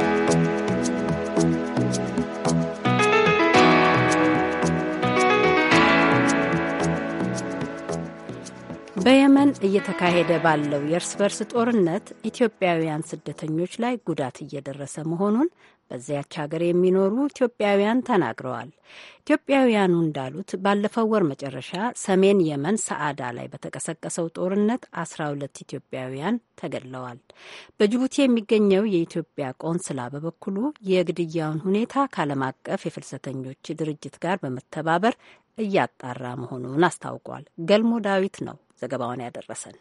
በየመን እየተካሄደ ባለው የእርስ በርስ ጦርነት ኢትዮጵያውያን ስደተኞች ላይ ጉዳት እየደረሰ መሆኑን በዚያች ሀገር የሚኖሩ ኢትዮጵያውያን ተናግረዋል። ኢትዮጵያውያኑ እንዳሉት ባለፈው ወር መጨረሻ ሰሜን የመን ሰዓዳ ላይ በተቀሰቀሰው ጦርነት 12 ኢትዮጵያውያን ተገድለዋል። በጅቡቲ የሚገኘው የኢትዮጵያ ቆንስላ በበኩሉ የግድያውን ሁኔታ ከዓለም አቀፍ የፍልሰተኞች ድርጅት ጋር በመተባበር እያጣራ መሆኑን አስታውቋል። ገልሞ ዳዊት ነው ዘገባውን ያደረሰን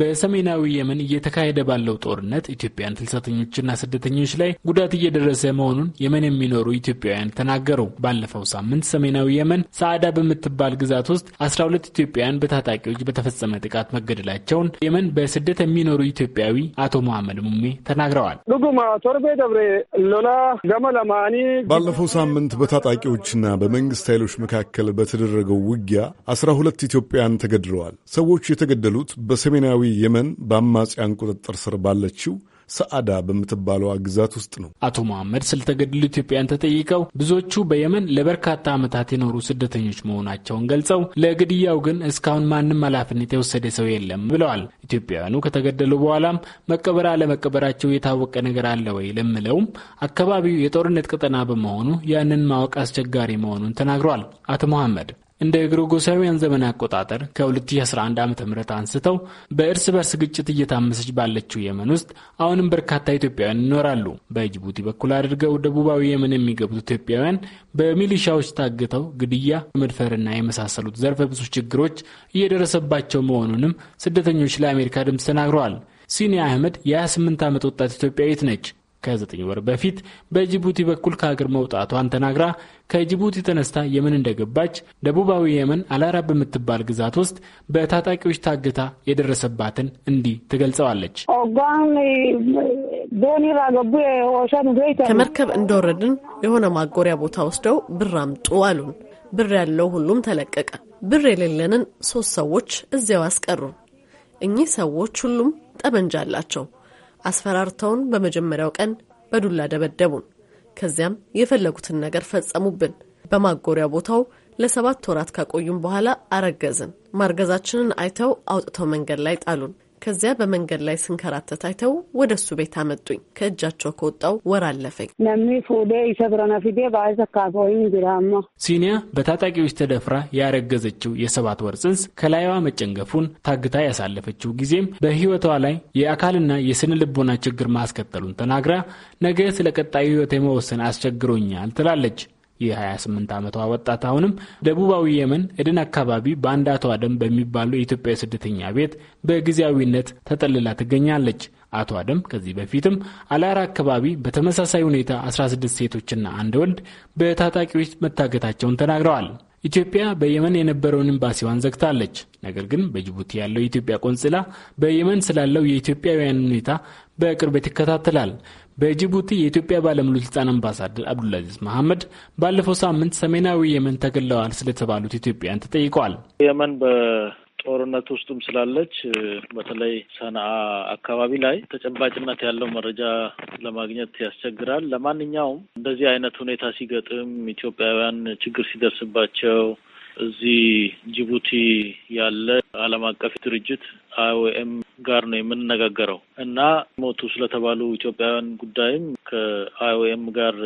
በሰሜናዊ የመን እየተካሄደ ባለው ጦርነት ኢትዮጵያን ፍልሰተኞችና ስደተኞች ላይ ጉዳት እየደረሰ መሆኑን የመን የሚኖሩ ኢትዮጵያውያን ተናገሩ። ባለፈው ሳምንት ሰሜናዊ የመን ሰዓዳ በምትባል ግዛት ውስጥ 12 ኢትዮጵያውያን በታጣቂዎች በተፈጸመ ጥቃት መገደላቸውን የመን በስደት የሚኖሩ ኢትዮጵያዊ አቶ መሐመድ ሙሜ ተናግረዋል። ባለፈው ሳምንት በታጣቂዎችና በመንግስት ኃይሎች መካከል በተደረገው ውጊያ 12 ኢትዮጵያውያን ተገድለዋል። ሰዎች የተገደሉት በሰሜናዊ የመን በአማጽያን ቁጥጥር ስር ባለችው ሰአዳ በምትባለዋ ግዛት ውስጥ ነው። አቶ መሐመድ ስለተገደሉ ኢትዮጵያን ተጠይቀው ብዙዎቹ በየመን ለበርካታ ዓመታት የኖሩ ስደተኞች መሆናቸውን ገልጸው ለግድያው ግን እስካሁን ማንም ኃላፊነት የወሰደ ሰው የለም ብለዋል። ኢትዮጵያውያኑ ከተገደሉ በኋላም መቀበር አለመቀበራቸው የታወቀ ነገር አለ ወይ ለምለውም አካባቢው የጦርነት ቀጠና በመሆኑ ያንን ማወቅ አስቸጋሪ መሆኑን ተናግረዋል። አቶ መሐመድ እንደ ግሮጎሳውያን ዘመን አቆጣጠር ከ2011 ዓ ም አንስተው በእርስ በርስ ግጭት እየታመሰች ባለችው የመን ውስጥ አሁንም በርካታ ኢትዮጵያውያን ይኖራሉ። በጅቡቲ በኩል አድርገው ደቡባዊ የመን የሚገቡት ኢትዮጵያውያን በሚሊሻዎች ታግተው ግድያ፣ መድፈርና የመሳሰሉት ዘርፈ ብዙ ችግሮች እየደረሰባቸው መሆኑንም ስደተኞች ለአሜሪካ ድምፅ ተናግረዋል። ሲኒ አህመድ የ28 ዓመት ወጣት ኢትዮጵያዊት ነች። ከዘጠኝ ወር በፊት በጅቡቲ በኩል ከሀገር መውጣቷን ተናግራ ከጅቡቲ ተነስታ የመን እንደገባች ደቡባዊ የመን አላራ በምትባል ግዛት ውስጥ በታጣቂዎች ታግታ የደረሰባትን እንዲህ ትገልጸዋለች። ከመርከብ እንደወረድን የሆነ ማጎሪያ ቦታ ወስደው ብር አምጡ አሉን። ብር ያለው ሁሉም ተለቀቀ። ብር የሌለንን ሶስት ሰዎች እዚያው አስቀሩን። እኚህ ሰዎች ሁሉም ጠመንጃ አላቸው። አስፈራርተውን በመጀመሪያው ቀን በዱላ ደበደቡን። ከዚያም የፈለጉትን ነገር ፈጸሙብን። በማጎሪያ ቦታው ለሰባት ወራት ካቆዩም በኋላ አረገዝን። ማርገዛችንን አይተው አውጥተው መንገድ ላይ ጣሉን። ከዚያ በመንገድ ላይ ስንከራተት አይተው ወደ እሱ ቤት አመጡኝ። ከእጃቸው ከወጣው ወር አለፈኝ። ሲኒያ በታጣቂዎች ተደፍራ ያረገዘችው የሰባት ወር ጽንስ ከላይዋ መጨንገፉን ታግታ ያሳለፈችው ጊዜም በህይወቷ ላይ የአካልና የስነ ልቦና ችግር ማስከተሉን ተናግራ ነገ ስለ ቀጣዩ ህይወት የመወሰን አስቸግሮኛል ትላለች። የ28 ዓመቷ ወጣት አሁንም ደቡባዊ የመን ኤደን አካባቢ በአንድ አቶ አደም በሚባለው የኢትዮጵያ ስደተኛ ቤት በጊዜያዊነት ተጠልላ ትገኛለች። አቶ አደም ከዚህ በፊትም አላራ አካባቢ በተመሳሳይ ሁኔታ 16 ሴቶችና አንድ ወንድ በታጣቂዎች መታገታቸውን ተናግረዋል። ኢትዮጵያ በየመን የነበረውን ኤምባሲዋን ዘግታለች። ነገር ግን በጅቡቲ ያለው የኢትዮጵያ ቆንጽላ በየመን ስላለው የኢትዮጵያውያን ሁኔታ በቅርበት ይከታተላል። በጅቡቲ የኢትዮጵያ ባለሙሉ ስልጣን አምባሳደር አብዱልአዚዝ መሐመድ ባለፈው ሳምንት ሰሜናዊ የመን ተገለዋል ስለተባሉት ኢትዮጵያን ተጠይቀዋል። የመን በጦርነት ውስጥም ስላለች በተለይ ሰንአ አካባቢ ላይ ተጨባጭነት ያለው መረጃ ለማግኘት ያስቸግራል። ለማንኛውም እንደዚህ አይነት ሁኔታ ሲገጥም ኢትዮጵያውያን ችግር ሲደርስባቸው እዚህ ጅቡቲ ያለ ዓለም አቀፍ ድርጅት አይኦኤም ጋር ነው የምንነጋገረው እና ሞቱ ስለተባሉ ኢትዮጵያውያን ጉዳይም ከአይኦኤም ጋር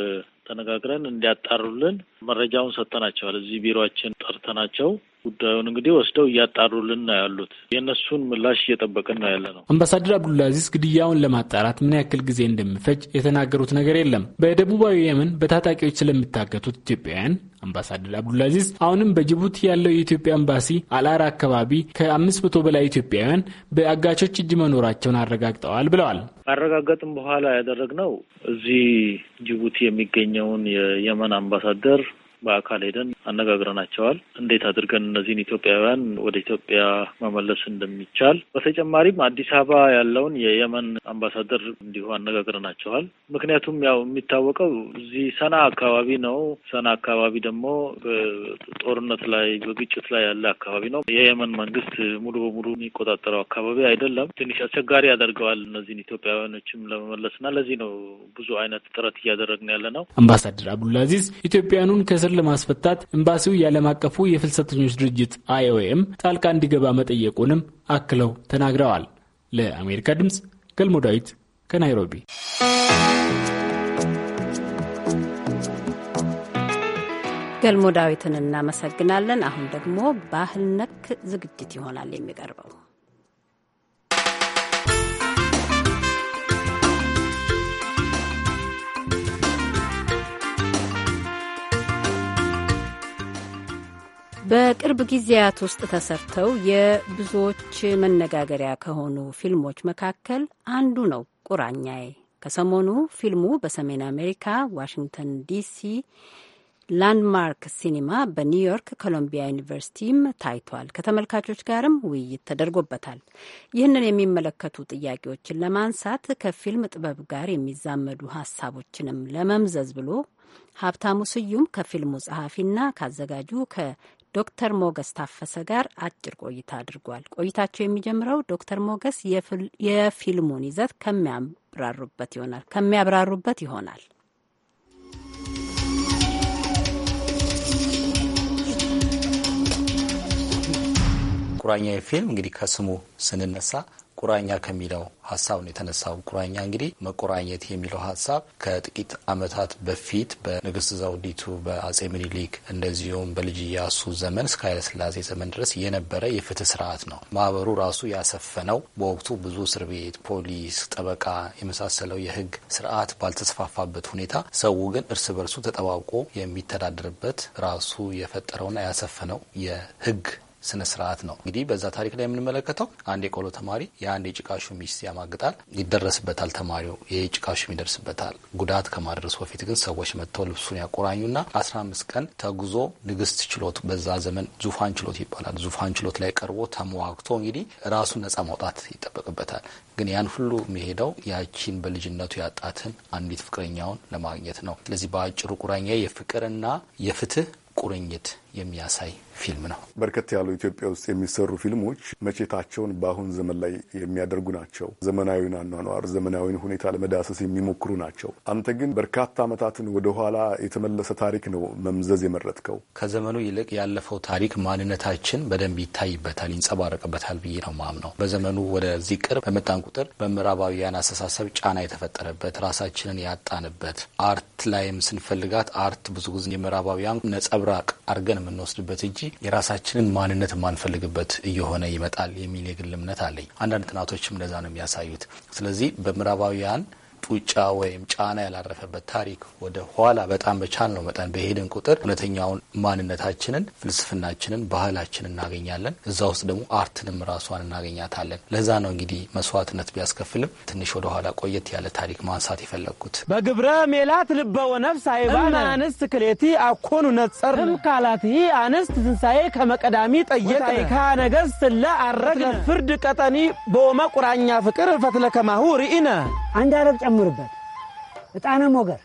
ተነጋግረን እንዲያጣሩልን መረጃውን ሰጥተናቸዋል። እዚህ ቢሮችን ጠርተናቸው ጉዳዩን እንግዲህ ወስደው እያጣሩልን ነው ያሉት። የእነሱን ምላሽ እየጠበቅን ነው ያለ ነው። አምባሳደር አብዱላዚዝ ግድያውን ለማጣራት ምን ያክል ጊዜ እንደሚፈጅ የተናገሩት ነገር የለም። በደቡባዊ የመን በታጣቂዎች ስለሚታገቱት ኢትዮጵያውያን አምባሳደር አብዱላዚዝ አሁንም በጅቡቲ ያለው የኢትዮጵያ ኤምባሲ አላር አካባቢ ከአምስት መቶ በላይ ኢትዮጵያውያን በአጋቾች እጅ መኖራቸውን አረጋግጠዋል ብለዋል። አረጋገጥም በኋላ ያደረግነው እዚህ ጅቡቲ የሚገኘውን የየመን አምባሳደር በአካል ሄደን አነጋግረናቸዋል። እንዴት አድርገን እነዚህን ኢትዮጵያውያን ወደ ኢትዮጵያ መመለስ እንደሚቻል፣ በተጨማሪም አዲስ አበባ ያለውን የየመን አምባሳደር እንዲሁ አነጋግረናቸዋል። ምክንያቱም ያው የሚታወቀው እዚህ ሰና አካባቢ ነው። ሰና አካባቢ ደግሞ በጦርነት ላይ በግጭት ላይ ያለ አካባቢ ነው። የየመን መንግስት ሙሉ በሙሉ የሚቆጣጠረው አካባቢ አይደለም። ትንሽ አስቸጋሪ ያደርገዋል እነዚህን ኢትዮጵያውያኖችም ለመመለስና ለዚህ ነው ብዙ አይነት ጥረት እያደረግን ያለ ነው። አምባሳደር አብዱልአዚዝ ኢትዮጵያውያኑን ከሰ እስር ለማስፈታት ኤምባሲው የዓለም አቀፉ የፍልሰተኞች ድርጅት አይኦኤም ጣልቃ እንዲገባ መጠየቁንም አክለው ተናግረዋል። ለአሜሪካ ድምፅ ገልሞ ዳዊት ከናይሮቢ ገልሞ ዳዊትን እናመሰግናለን። አሁን ደግሞ ባህል ነክ ዝግጅት ይሆናል የሚቀርበው። በቅርብ ጊዜያት ውስጥ ተሰርተው የብዙዎች መነጋገሪያ ከሆኑ ፊልሞች መካከል አንዱ ነው ቁራኛዬ። ከሰሞኑ ፊልሙ በሰሜን አሜሪካ ዋሽንግተን ዲሲ ላንድማርክ ሲኒማ፣ በኒውዮርክ ኮሎምቢያ ዩኒቨርሲቲም ታይቷል። ከተመልካቾች ጋርም ውይይት ተደርጎበታል። ይህንን የሚመለከቱ ጥያቄዎችን ለማንሳት ከፊልም ጥበብ ጋር የሚዛመዱ ሀሳቦችንም ለመምዘዝ ብሎ ሀብታሙ ስዩም ከፊልሙ ጸሐፊና ካዘጋጁ ዶክተር ሞገስ ታፈሰ ጋር አጭር ቆይታ አድርጓል። ቆይታቸው የሚጀምረው ዶክተር ሞገስ የፊልሙን ይዘት ከሚያብራሩበት ይሆናል ከሚያብራሩበት ይሆናል። ቁራኛ ፊልም እንግዲህ ከስሙ ስንነሳ ቁራኛ ከሚለው ሀሳብ ነው የተነሳው። ቁራኛ እንግዲህ መቆራኘት የሚለው ሀሳብ ከጥቂት ዓመታት በፊት በንግስት ዘውዲቱ በአጼ ምኒልክ እንደዚሁም በልጅ ኢያሱ ዘመን እስከ ኃይለስላሴ ዘመን ድረስ የነበረ የፍትህ ስርዓት ነው። ማህበሩ ራሱ ያሰፈነው በወቅቱ ብዙ እስር ቤት፣ ፖሊስ፣ ጠበቃ የመሳሰለው የህግ ስርዓት ባልተስፋፋበት ሁኔታ ሰው ግን እርስ በርሱ ተጠባብቆ የሚተዳደርበት ራሱ የፈጠረውና ያሰፈነው የህግ ስነ ስርዓት ነው። እንግዲህ በዛ ታሪክ ላይ የምንመለከተው አንድ የቆሎ ተማሪ የአንድ የጭቃሹ ሹም ሚስት ያማግጣል። ይደረስበታል፣ ተማሪው የጭቃ ይደርስበታል። ጉዳት ከማድረሱ በፊት ግን ሰዎች መጥተው ልብሱን ያቆራኙና አስራ አምስት ቀን ተጉዞ ንግስት ችሎት በዛ ዘመን ዙፋን ችሎት ይባላል። ዙፋን ችሎት ላይ ቀርቦ ተመዋግቶ እንግዲህ ራሱን ነጻ ማውጣት ይጠበቅበታል። ግን ያን ሁሉ የሚሄደው ያቺን በልጅነቱ ያጣትን አንዲት ፍቅረኛውን ለማግኘት ነው። ስለዚህ በአጭሩ ቁራኛ የፍቅርና የፍትህ ቁርኝት የሚያሳይ ፊልም ነው። በርከት ያሉ ኢትዮጵያ ውስጥ የሚሰሩ ፊልሞች መቼታቸውን በአሁን ዘመን ላይ የሚያደርጉ ናቸው። ዘመናዊን አኗኗር፣ ዘመናዊን ሁኔታ ለመዳሰስ የሚሞክሩ ናቸው። አንተ ግን በርካታ ዓመታትን ወደኋላ የተመለሰ ታሪክ ነው መምዘዝ የመረጥከው። ከዘመኑ ይልቅ ያለፈው ታሪክ ማንነታችን በደንብ ይታይበታል፣ ይንጸባረቅበታል ብዬ ነው ማምነው። በዘመኑ ወደዚህ ቅርብ በመጣን ቁጥር በምዕራባዊያን አስተሳሰብ ጫና የተፈጠረበት ራሳችንን ያጣንበት አርት ላይም ስንፈልጋት አርት ብዙ ጊዜ የምዕራባዊያን ነጸብራቅ አድርገን የምንወስድበት እንጂ የራሳችንን ማንነት የማንፈልግበት እየሆነ ይመጣል የሚል የግል እምነት አለኝ። አንዳንድ ጥናቶችም እንደዛ ነው የሚያሳዩት። ስለዚህ በምዕራባውያን ጡጫ ወይም ጫና ያላረፈበት ታሪክ ወደ ኋላ በጣም በቻል ነው መጠን በሄድን ቁጥር እውነተኛውን ማንነታችንን፣ ፍልስፍናችንን፣ ባህላችንን እናገኛለን። እዛ ውስጥ ደግሞ አርትንም ራሷን እናገኛታለን። ለዛ ነው እንግዲህ መስዋዕትነት ቢያስከፍልም ትንሽ ወደ ኋላ ቆየት ያለ ታሪክ ማንሳት የፈለግኩት በግብረ ሜላት ልበወ ነፍስ አይባን አንስት ክሌቲ አኮኑ ነጸር ካላት ይህ አንስት ትንሣኤ ከመቀዳሚ ጠየቅ ታይካ ስለ ፍርድ ቀጠኒ በወመ ቁራኛ ፍቅር ፈትለከማሁ ርኢነ አንድ አረግ ጨማ ጨምርበት። ዕጣነ ሞገር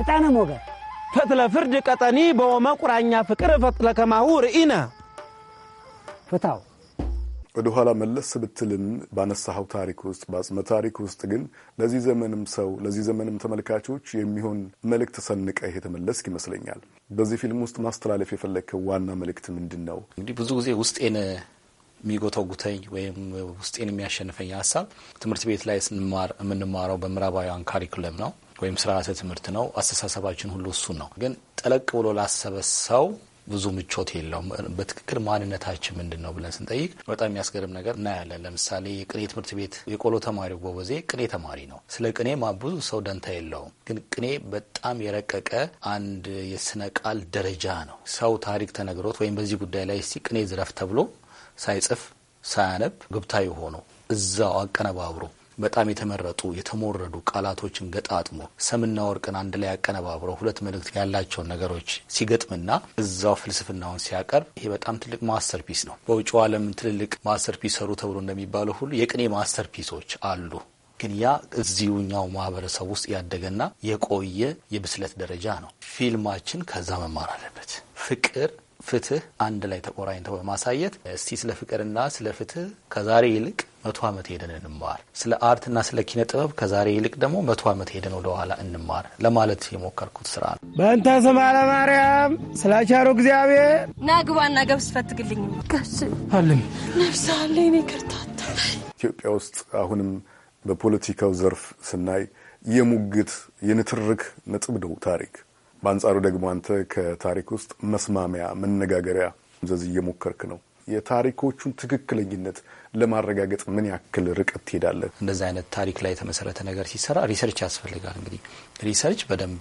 ዕጣነ ሞገር ፈትለ ፍርድ ቀጠኒ በወመ ቁራኛ ፍቅር ፈትለ ከማሁ ርኢነ ፍታው ወደ ኋላ መለስ ብትልም ባነሳኸው ታሪክ ውስጥ በአጽመ ታሪክ ውስጥ ግን ለዚህ ዘመንም ሰው ለዚህ ዘመንም ተመልካቾች የሚሆን መልእክት ሰንቀህ የተመለስክ ይመስለኛል። በዚህ ፊልም ውስጥ ማስተላለፍ የፈለግከው ዋና መልእክት ምንድን ነው? እንግዲህ ብዙ ጊዜ ውስጤን የሚጎተጉተኝ ወይም ውስጤን የሚያሸንፈኝ ሀሳብ ትምህርት ቤት ላይ ስንማር የምንማረው በምዕራባውያን ካሪኩለም ነው ወይም ስርዓተ ትምህርት ነው። አስተሳሰባችን ሁሉ እሱን ነው። ግን ጠለቅ ብሎ ላሰበ ሰው ብዙ ምቾት የለውም። በትክክል ማንነታችን ምንድን ነው ብለን ስንጠይቅ በጣም የሚያስገርም ነገር እናያለን። ለምሳሌ የቅኔ ትምህርት ቤት የቆሎ ተማሪ ጎበዜ ቅኔ ተማሪ ነው። ስለ ቅኔ ብዙ ሰው ደንታ የለውም። ግን ቅኔ በጣም የረቀቀ አንድ የስነ ቃል ደረጃ ነው። ሰው ታሪክ ተነግሮት ወይም በዚህ ጉዳይ ላይ እስቲ ቅኔ ዝረፍ ተብሎ ሳይጽፍ ሳያነብ ግብታዊ ሆኖ እዛው አቀነባብሮ በጣም የተመረጡ የተሞረዱ ቃላቶችን ገጣጥሞ ሰምና ወርቅን አንድ ላይ ያቀነባብረው ሁለት መልእክት ያላቸውን ነገሮች ሲገጥምና እዛው ፍልስፍናውን ሲያቀርብ ይሄ በጣም ትልቅ ማስተርፒስ ነው። በውጭ ዓለም ትልልቅ ማስተርፒስ ሰሩ ተብሎ እንደሚባለው ሁሉ የቅኔ ማስተርፒሶች አሉ። ግን ያ እዚሁኛው ማህበረሰብ ውስጥ ያደገና የቆየ የብስለት ደረጃ ነው። ፊልማችን ከዛ መማር አለበት። ፍቅር ፍትህ አንድ ላይ ተቆራኝተው በማሳየት እስቲ ስለ ፍቅርና ስለ ፍትህ ከዛሬ ይልቅ መቶ ዓመት ሄደን እንማር፣ ስለ አርትና ስለ ኪነ ጥበብ ከዛሬ ይልቅ ደግሞ መቶ ዓመት ሄደን ወደኋላ እንማር ለማለት የሞከርኩት ስራ ነው። በእንተ ስማ ለማርያም ስላቻሩ እግዚአብሔር ናግባና ገብስ ፈትግልኝ ገብስ አለኝ ነፍስ ኔ ከርታታ ኢትዮጵያ ውስጥ አሁንም በፖለቲካው ዘርፍ ስናይ የሙግት የንትርክ ነጥብ ነው ታሪክ በአንጻሩ ደግሞ አንተ ከታሪክ ውስጥ መስማሚያ መነጋገሪያ ዘዝ እየሞከርክ ነው። የታሪኮቹን ትክክለኝነት ለማረጋገጥ ምን ያክል ርቀት ትሄዳለህ? እንደዚህ አይነት ታሪክ ላይ የተመሰረተ ነገር ሲሰራ ሪሰርች ያስፈልጋል። እንግዲህ ሪሰርች በደንብ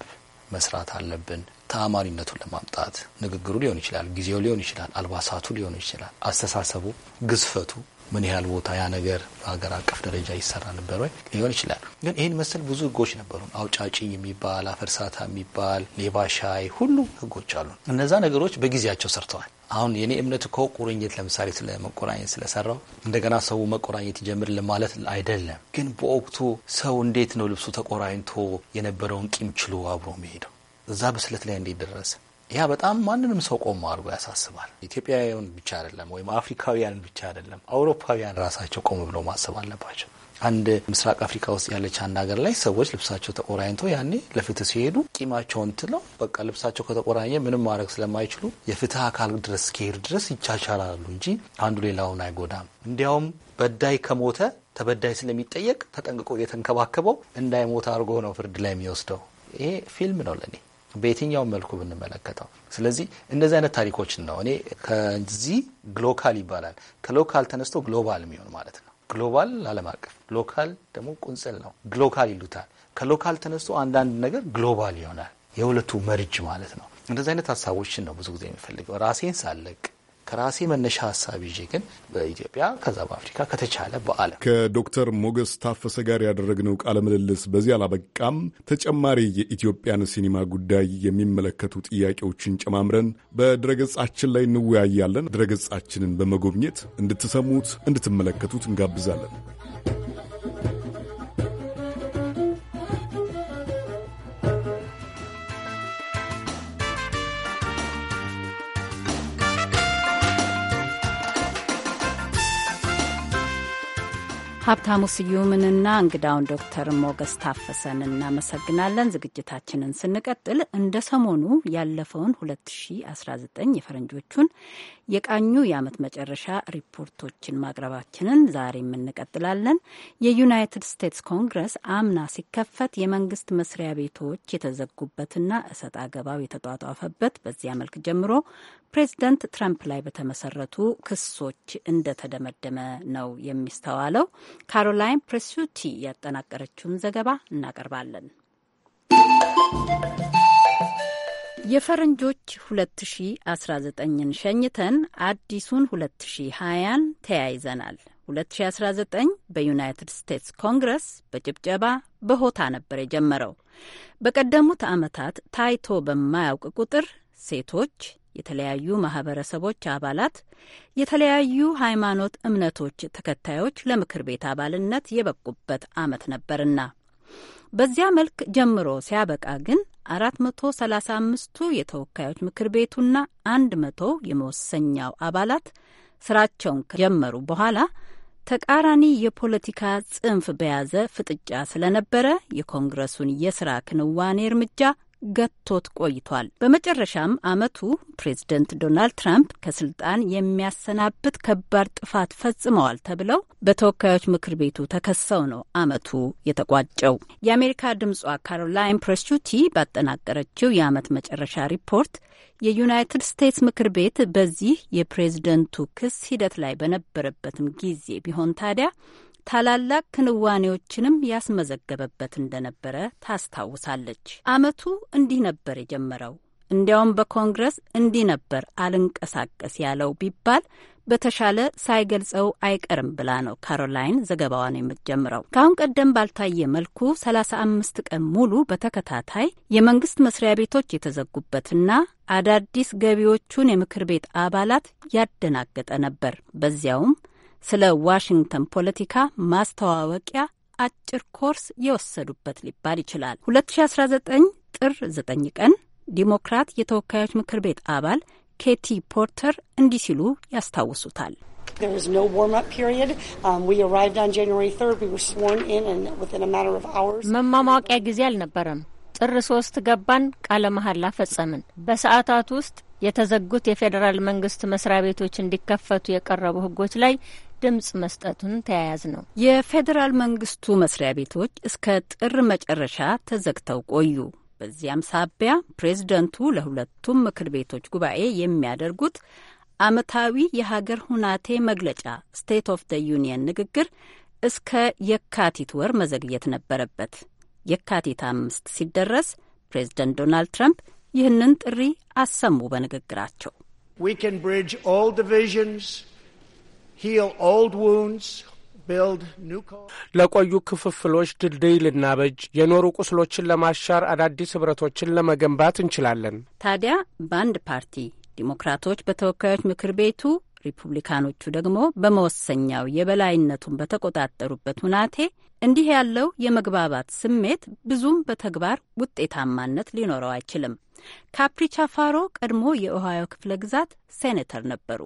መስራት አለብን። ተአማኒነቱን ለማምጣት ንግግሩ ሊሆን ይችላል፣ ጊዜው ሊሆን ይችላል፣ አልባሳቱ ሊሆን ይችላል፣ አስተሳሰቡ፣ ግዝፈቱ ምን ያህል ቦታ ያ ነገር በሀገር አቀፍ ደረጃ ይሰራ ነበር ወይ ሊሆን ይችላል። ግን ይህን መሰል ብዙ ህጎች ነበሩ። አውጫጭ የሚባል አፈርሳታ የሚባል ሌባ ሻይ ሁሉ ህጎች አሉ። እነዛ ነገሮች በጊዜያቸው ሰርተዋል። አሁን የኔ እምነት እኮ ቁርኝት ለምሳሌ ስለ መቆራኘት ስለሰራው እንደገና ሰው መቆራኘት ይጀምር ለማለት አይደለም። ግን በወቅቱ ሰው እንዴት ነው ልብሱ ተቆራኝቶ የነበረውን ቂም ችሎ አብሮ መሄደው እዛ ብስለት ላይ እንዴት ደረሰ? ያ በጣም ማንንም ሰው ቆም አድርጎ ያሳስባል። ኢትዮጵያውያን ብቻ አይደለም ወይም አፍሪካውያን ብቻ አይደለም፣ አውሮፓውያን ራሳቸው ቆም ብለው ማሰብ አለባቸው። አንድ ምስራቅ አፍሪካ ውስጥ ያለች አንድ ሀገር ላይ ሰዎች ልብሳቸው ተቆራኝቶ ያኔ ለፍትህ ሲሄዱ ቂማቸውን ትለው በቃ ልብሳቸው ከተቆራኘ ምንም ማድረግ ስለማይችሉ የፍትህ አካል ድረስ እስኪሄድ ድረስ ይቻቻላሉ እንጂ አንዱ ሌላውን አይጎዳም። እንዲያውም በዳይ ከሞተ ተበዳይ ስለሚጠየቅ ተጠንቅቆ የተንከባከበው እንዳይሞት አድርጎ ነው ፍርድ ላይ የሚወስደው። ይሄ ፊልም ነው ለእኔ። በየትኛውም መልኩ ብንመለከተው። ስለዚህ እንደዚህ አይነት ታሪኮች ነው እኔ ከዚህ ግሎካል ይባላል ከሎካል ተነስቶ ግሎባል የሚሆን ማለት ነው። ግሎባል ዓለም አቀፍ፣ ሎካል ደግሞ ቁንጽል ነው። ግሎካል ይሉታል። ከሎካል ተነስቶ አንዳንድ ነገር ግሎባል ይሆናል። የሁለቱ መርጅ ማለት ነው። እንደዚህ አይነት ሀሳቦችን ነው ብዙ ጊዜ የሚፈልገው ራሴን ሳለቅ ከራሴ መነሻ ሀሳብ ይዤ ግን በኢትዮጵያ ከዛ በአፍሪካ ከተቻለ በዓለም ከዶክተር ሞገስ ታፈሰ ጋር ያደረግነው ቃለ ምልልስ በዚህ አላበቃም። ተጨማሪ የኢትዮጵያን ሲኒማ ጉዳይ የሚመለከቱ ጥያቄዎችን ጨማምረን በድረገጻችን ላይ እንወያያለን። ድረገጻችንን በመጎብኘት እንድትሰሙት፣ እንድትመለከቱት እንጋብዛለን። ሀብታሙ ስዩምንና እንግዳውን ዶክተር ሞገስ ታፈሰን እናመሰግናለን። ዝግጅታችንን ስንቀጥል እንደ ሰሞኑ ያለፈውን 2019 የፈረንጆቹን የቃኙ የአመት መጨረሻ ሪፖርቶችን ማቅረባችንን ዛሬም እንቀጥላለን። የዩናይትድ ስቴትስ ኮንግረስ አምና ሲከፈት የመንግስት መስሪያ ቤቶች የተዘጉበትና እሰጥ አገባው የተጧጧፈበት በዚያ መልክ ጀምሮ ፕሬዚደንት ትራምፕ ላይ በተመሰረቱ ክሶች እንደተደመደመ ነው የሚስተዋለው። ካሮላይን ፕሬሱቲ ያጠናቀረችውን ዘገባ እናቀርባለን። የፈረንጆች 2019ን ሸኝተን አዲሱን 2020ን ተያይዘናል። 2019 በዩናይትድ ስቴትስ ኮንግረስ በጭብጨባ በሆታ ነበር የጀመረው። በቀደሙት ዓመታት ታይቶ በማያውቅ ቁጥር ሴቶች፣ የተለያዩ ማህበረሰቦች አባላት፣ የተለያዩ ሃይማኖት እምነቶች ተከታዮች ለምክር ቤት አባልነት የበቁበት ዓመት ነበርና በዚያ መልክ ጀምሮ ሲያበቃ ግን 435ቱ የተወካዮች ምክር ቤቱና 100 የመወሰኛው አባላት ስራቸውን ከጀመሩ በኋላ ተቃራኒ የፖለቲካ ጽንፍ በያዘ ፍጥጫ ስለነበረ የኮንግረሱን የስራ ክንዋኔ እርምጃ ገቶት ቆይቷል። በመጨረሻም አመቱ ፕሬዝደንት ዶናልድ ትራምፕ ከስልጣን የሚያሰናብት ከባድ ጥፋት ፈጽመዋል ተብለው በተወካዮች ምክር ቤቱ ተከሰው ነው አመቱ የተቋጨው። የአሜሪካ ድምጿ ካሮላይን ፕሬስቹቲ ባጠናቀረችው የአመት መጨረሻ ሪፖርት የዩናይትድ ስቴትስ ምክር ቤት በዚህ የፕሬዝደንቱ ክስ ሂደት ላይ በነበረበትም ጊዜ ቢሆን ታዲያ ታላላቅ ክንዋኔዎችንም ያስመዘገበበት እንደነበረ ታስታውሳለች። አመቱ እንዲህ ነበር የጀመረው። እንዲያውም በኮንግረስ እንዲህ ነበር አልንቀሳቀስ ያለው ቢባል በተሻለ ሳይገልጸው አይቀርም ብላ ነው ካሮላይን ዘገባዋን የምትጀምረው። ከአሁን ቀደም ባልታየ መልኩ ሰላሳ አምስት ቀን ሙሉ በተከታታይ የመንግስት መስሪያ ቤቶች የተዘጉበትና አዳዲስ ገቢዎቹን የምክር ቤት አባላት ያደናገጠ ነበር። በዚያውም ስለ ዋሽንግተን ፖለቲካ ማስተዋወቂያ አጭር ኮርስ የወሰዱበት ሊባል ይችላል። 2019 ጥር 9 ቀን ዲሞክራት የተወካዮች ምክር ቤት አባል ኬቲ ፖርተር እንዲህ ሲሉ ያስታውሱታል። um, መማማወቂያ ጊዜ አልነበረም። ጥር ሶስት ገባን፣ ቃለ መሐላ ፈጸምን። በሰዓታት ውስጥ የተዘጉት የፌዴራል መንግስት መስሪያ ቤቶች እንዲከፈቱ የቀረቡ ህጎች ላይ ድምፅ መስጠቱን ተያያዝ ነው። የፌዴራል መንግስቱ መስሪያ ቤቶች እስከ ጥር መጨረሻ ተዘግተው ቆዩ። በዚያም ሳቢያ ፕሬዝደንቱ ለሁለቱም ምክር ቤቶች ጉባኤ የሚያደርጉት አመታዊ የሀገር ሁናቴ መግለጫ ስቴት ኦፍ ደ ዩኒየን ንግግር እስከ የካቲት ወር መዘግየት ነበረበት። የካቲት አምስት ሲደረስ ፕሬዝደንት ዶናልድ ትራምፕ ይህንን ጥሪ አሰሙ በንግግራቸው ለቆዩ ክፍፍሎች ድልድይ ልናበጅ፣ የኖሩ ቁስሎችን ለማሻር አዳዲስ ህብረቶችን ለመገንባት እንችላለን። ታዲያ በአንድ ፓርቲ ዲሞክራቶች በተወካዮች ምክር ቤቱ፣ ሪፑብሊካኖቹ ደግሞ በመወሰኛው የበላይነቱን በተቆጣጠሩበት ሁናቴ እንዲህ ያለው የመግባባት ስሜት ብዙም በተግባር ውጤታማነት ሊኖረው አይችልም። ካፕሪቻ ፋሮ ቀድሞ የኦሃዮ ክፍለ ግዛት ሴኔተር ነበሩ።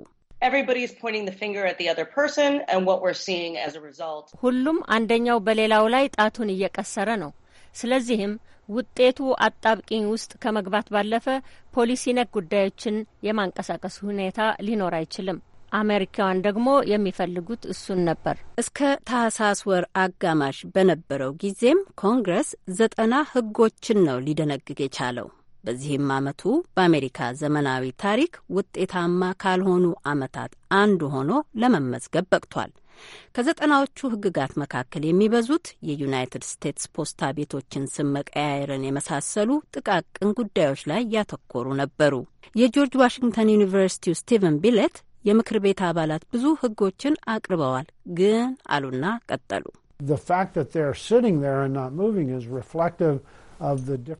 everybody's pointing the finger at the other person and what we're seeing as a result. ሁሉም አንደኛው በሌላው ላይ ጣቱን እየቀሰረ ነው። ስለዚህም ውጤቱ አጣብቂኝ ውስጥ ከመግባት ባለፈ ፖሊሲ ነክ ጉዳዮችን የማንቀሳቀስ ሁኔታ ሊኖር አይችልም። አሜሪካውያን ደግሞ የሚፈልጉት እሱን ነበር። እስከ ታህሳስ ወር አጋማሽ በነበረው ጊዜም ኮንግረስ ዘጠና ህጎችን ነው ሊደነግግ የቻለው። በዚህም ዓመቱ በአሜሪካ ዘመናዊ ታሪክ ውጤታማ ካልሆኑ ዓመታት አንዱ ሆኖ ለመመዝገብ በቅቷል። ከዘጠናዎቹ ህግጋት መካከል የሚበዙት የዩናይትድ ስቴትስ ፖስታ ቤቶችን ስም መቀያየርን የመሳሰሉ ጥቃቅን ጉዳዮች ላይ ያተኮሩ ነበሩ። የጆርጅ ዋሽንግተን ዩኒቨርሲቲው ስቲቨን ቢሌት የምክር ቤት አባላት ብዙ ህጎችን አቅርበዋል፣ ግን አሉና ቀጠሉ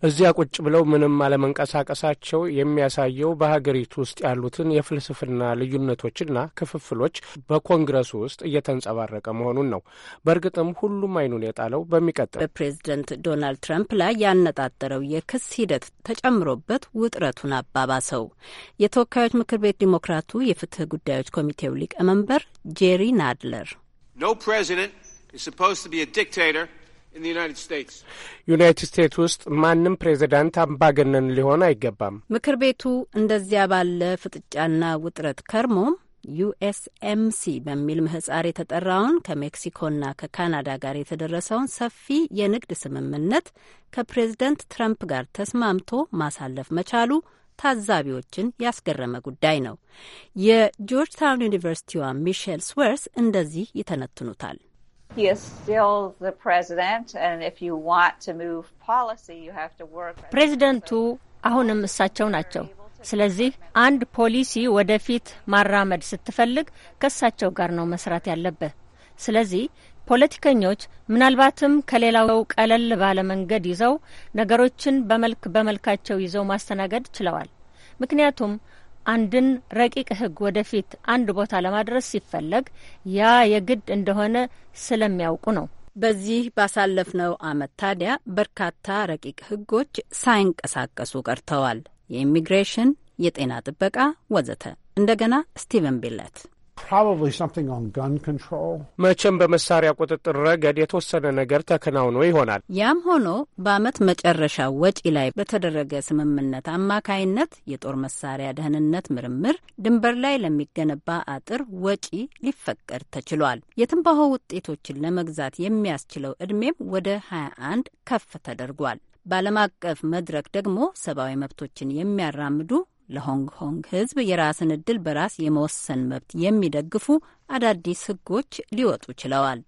እዚያ ቁጭ ብለው ምንም አለመንቀሳቀሳቸው የሚያሳየው በሀገሪቱ ውስጥ ያሉትን የፍልስፍና ልዩነቶችና ክፍፍሎች በኮንግረሱ ውስጥ እየተንጸባረቀ መሆኑን ነው። በእርግጥም ሁሉም አይኑን የጣለው በሚቀጥል በፕሬዝደንት ዶናልድ ትራምፕ ላይ ያነጣጠረው የክስ ሂደት ተጨምሮበት ውጥረቱን አባባሰው። የተወካዮች ምክር ቤት ዲሞክራቱ የፍትህ ጉዳዮች ኮሚቴው ሊቀመንበር ጄሪ ናድለር ዩናይትድ ስቴትስ ውስጥ ማንም ፕሬዚዳንት አምባገነን ሊሆን አይገባም። ምክር ቤቱ እንደዚያ ባለ ፍጥጫና ውጥረት ከርሞም ዩኤስኤምሲ በሚል ምህጻር የተጠራውን ከሜክሲኮና ከካናዳ ጋር የተደረሰውን ሰፊ የንግድ ስምምነት ከፕሬዝደንት ትራምፕ ጋር ተስማምቶ ማሳለፍ መቻሉ ታዛቢዎችን ያስገረመ ጉዳይ ነው። የጆርጅ ታውን ዩኒቨርሲቲዋ ሚሼል ስዌርስ እንደዚህ ይተነትኑታል። he is still the president and if you want to move policy you have to work ፕሬዚደንቱ አሁንም እሳቸው ናቸው። ስለዚህ አንድ ፖሊሲ ወደፊት ማራመድ ስትፈልግ ከእሳቸው ጋር ነው መስራት ያለብህ። ስለዚህ ፖለቲከኞች ምናልባትም ከሌላው ቀለል ባለ መንገድ ይዘው ነገሮችን በመልክ በመልካቸው ይዘው ማስተናገድ ችለዋል። ምክንያቱም አንድን ረቂቅ ህግ ወደፊት አንድ ቦታ ለማድረስ ሲፈለግ ያ የግድ እንደሆነ ስለሚያውቁ ነው። በዚህ ባሳለፍነው ዓመት ታዲያ በርካታ ረቂቅ ህጎች ሳይንቀሳቀሱ ቀርተዋል። የኢሚግሬሽን፣ የጤና ጥበቃ ወዘተ። እንደገና ስቲቨን ቢለት መቼም በመሳሪያ ቁጥጥር ረገድ የተወሰነ ነገር ተከናውኖ ይሆናል። ያም ሆኖ በዓመት መጨረሻ ወጪ ላይ በተደረገ ስምምነት አማካይነት የጦር መሳሪያ ደህንነት ምርምር፣ ድንበር ላይ ለሚገነባ አጥር ወጪ ሊፈቀድ ተችሏል። የትንባሆ ውጤቶችን ለመግዛት የሚያስችለው ዕድሜም ወደ 21 ከፍ ተደርጓል። በዓለም አቀፍ መድረክ ደግሞ ሰብአዊ መብቶችን የሚያራምዱ ለሆንግ ኮንግ ህዝብ የራስን እድል በራስ የመወሰን መብት የሚደግፉ አዳዲስ ህጎች ሊወጡ ችለዋል።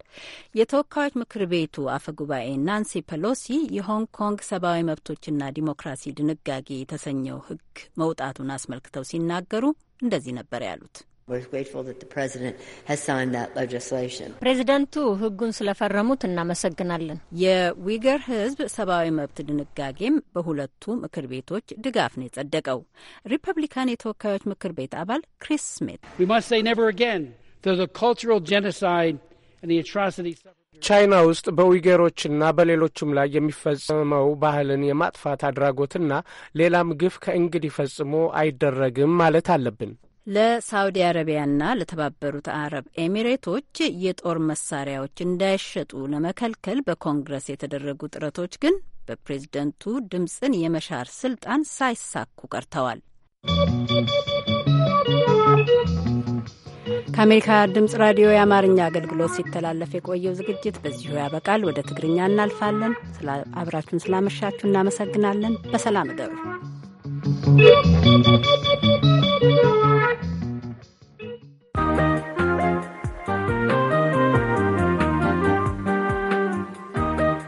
የተወካዮች ምክር ቤቱ አፈ ጉባኤ ናንሲ ፐሎሲ የሆንግ ኮንግ ሰብአዊ መብቶችና ዲሞክራሲ ድንጋጌ የተሰኘው ህግ መውጣቱን አስመልክተው ሲናገሩ እንደዚህ ነበር ያሉት። ፕሬዚደንቱ ህጉን ስለፈረሙት እናመሰግናለን። የዊገር ህዝብ ሰብአዊ መብት ድንጋጌም በሁለቱ ምክር ቤቶች ድጋፍ ነው የጸደቀው። ሪፐብሊካን የተወካዮች ምክር ቤት አባል ክሪስ ስሚት ቻይና ውስጥ በዊገሮችና በሌሎችም ላይ የሚፈጸመው ባህልን የማጥፋት አድራጎትና ሌላም ግፍ ከእንግዲህ ፈጽሞ አይደረግም ማለት አለብን። ለሳውዲ አረቢያና ለተባበሩት አረብ ኤሚሬቶች የጦር መሳሪያዎች እንዳይሸጡ ለመከልከል በኮንግረስ የተደረጉ ጥረቶች ግን በፕሬዝደንቱ ድምፅን የመሻር ስልጣን ሳይሳኩ ቀርተዋል። ከአሜሪካ ድምፅ ራዲዮ የአማርኛ አገልግሎት ሲተላለፍ የቆየው ዝግጅት በዚሁ ያበቃል። ወደ ትግርኛ እናልፋለን። አብራችሁን ስላመሻችሁ እናመሰግናለን። በሰላም እደሩ። Thank you.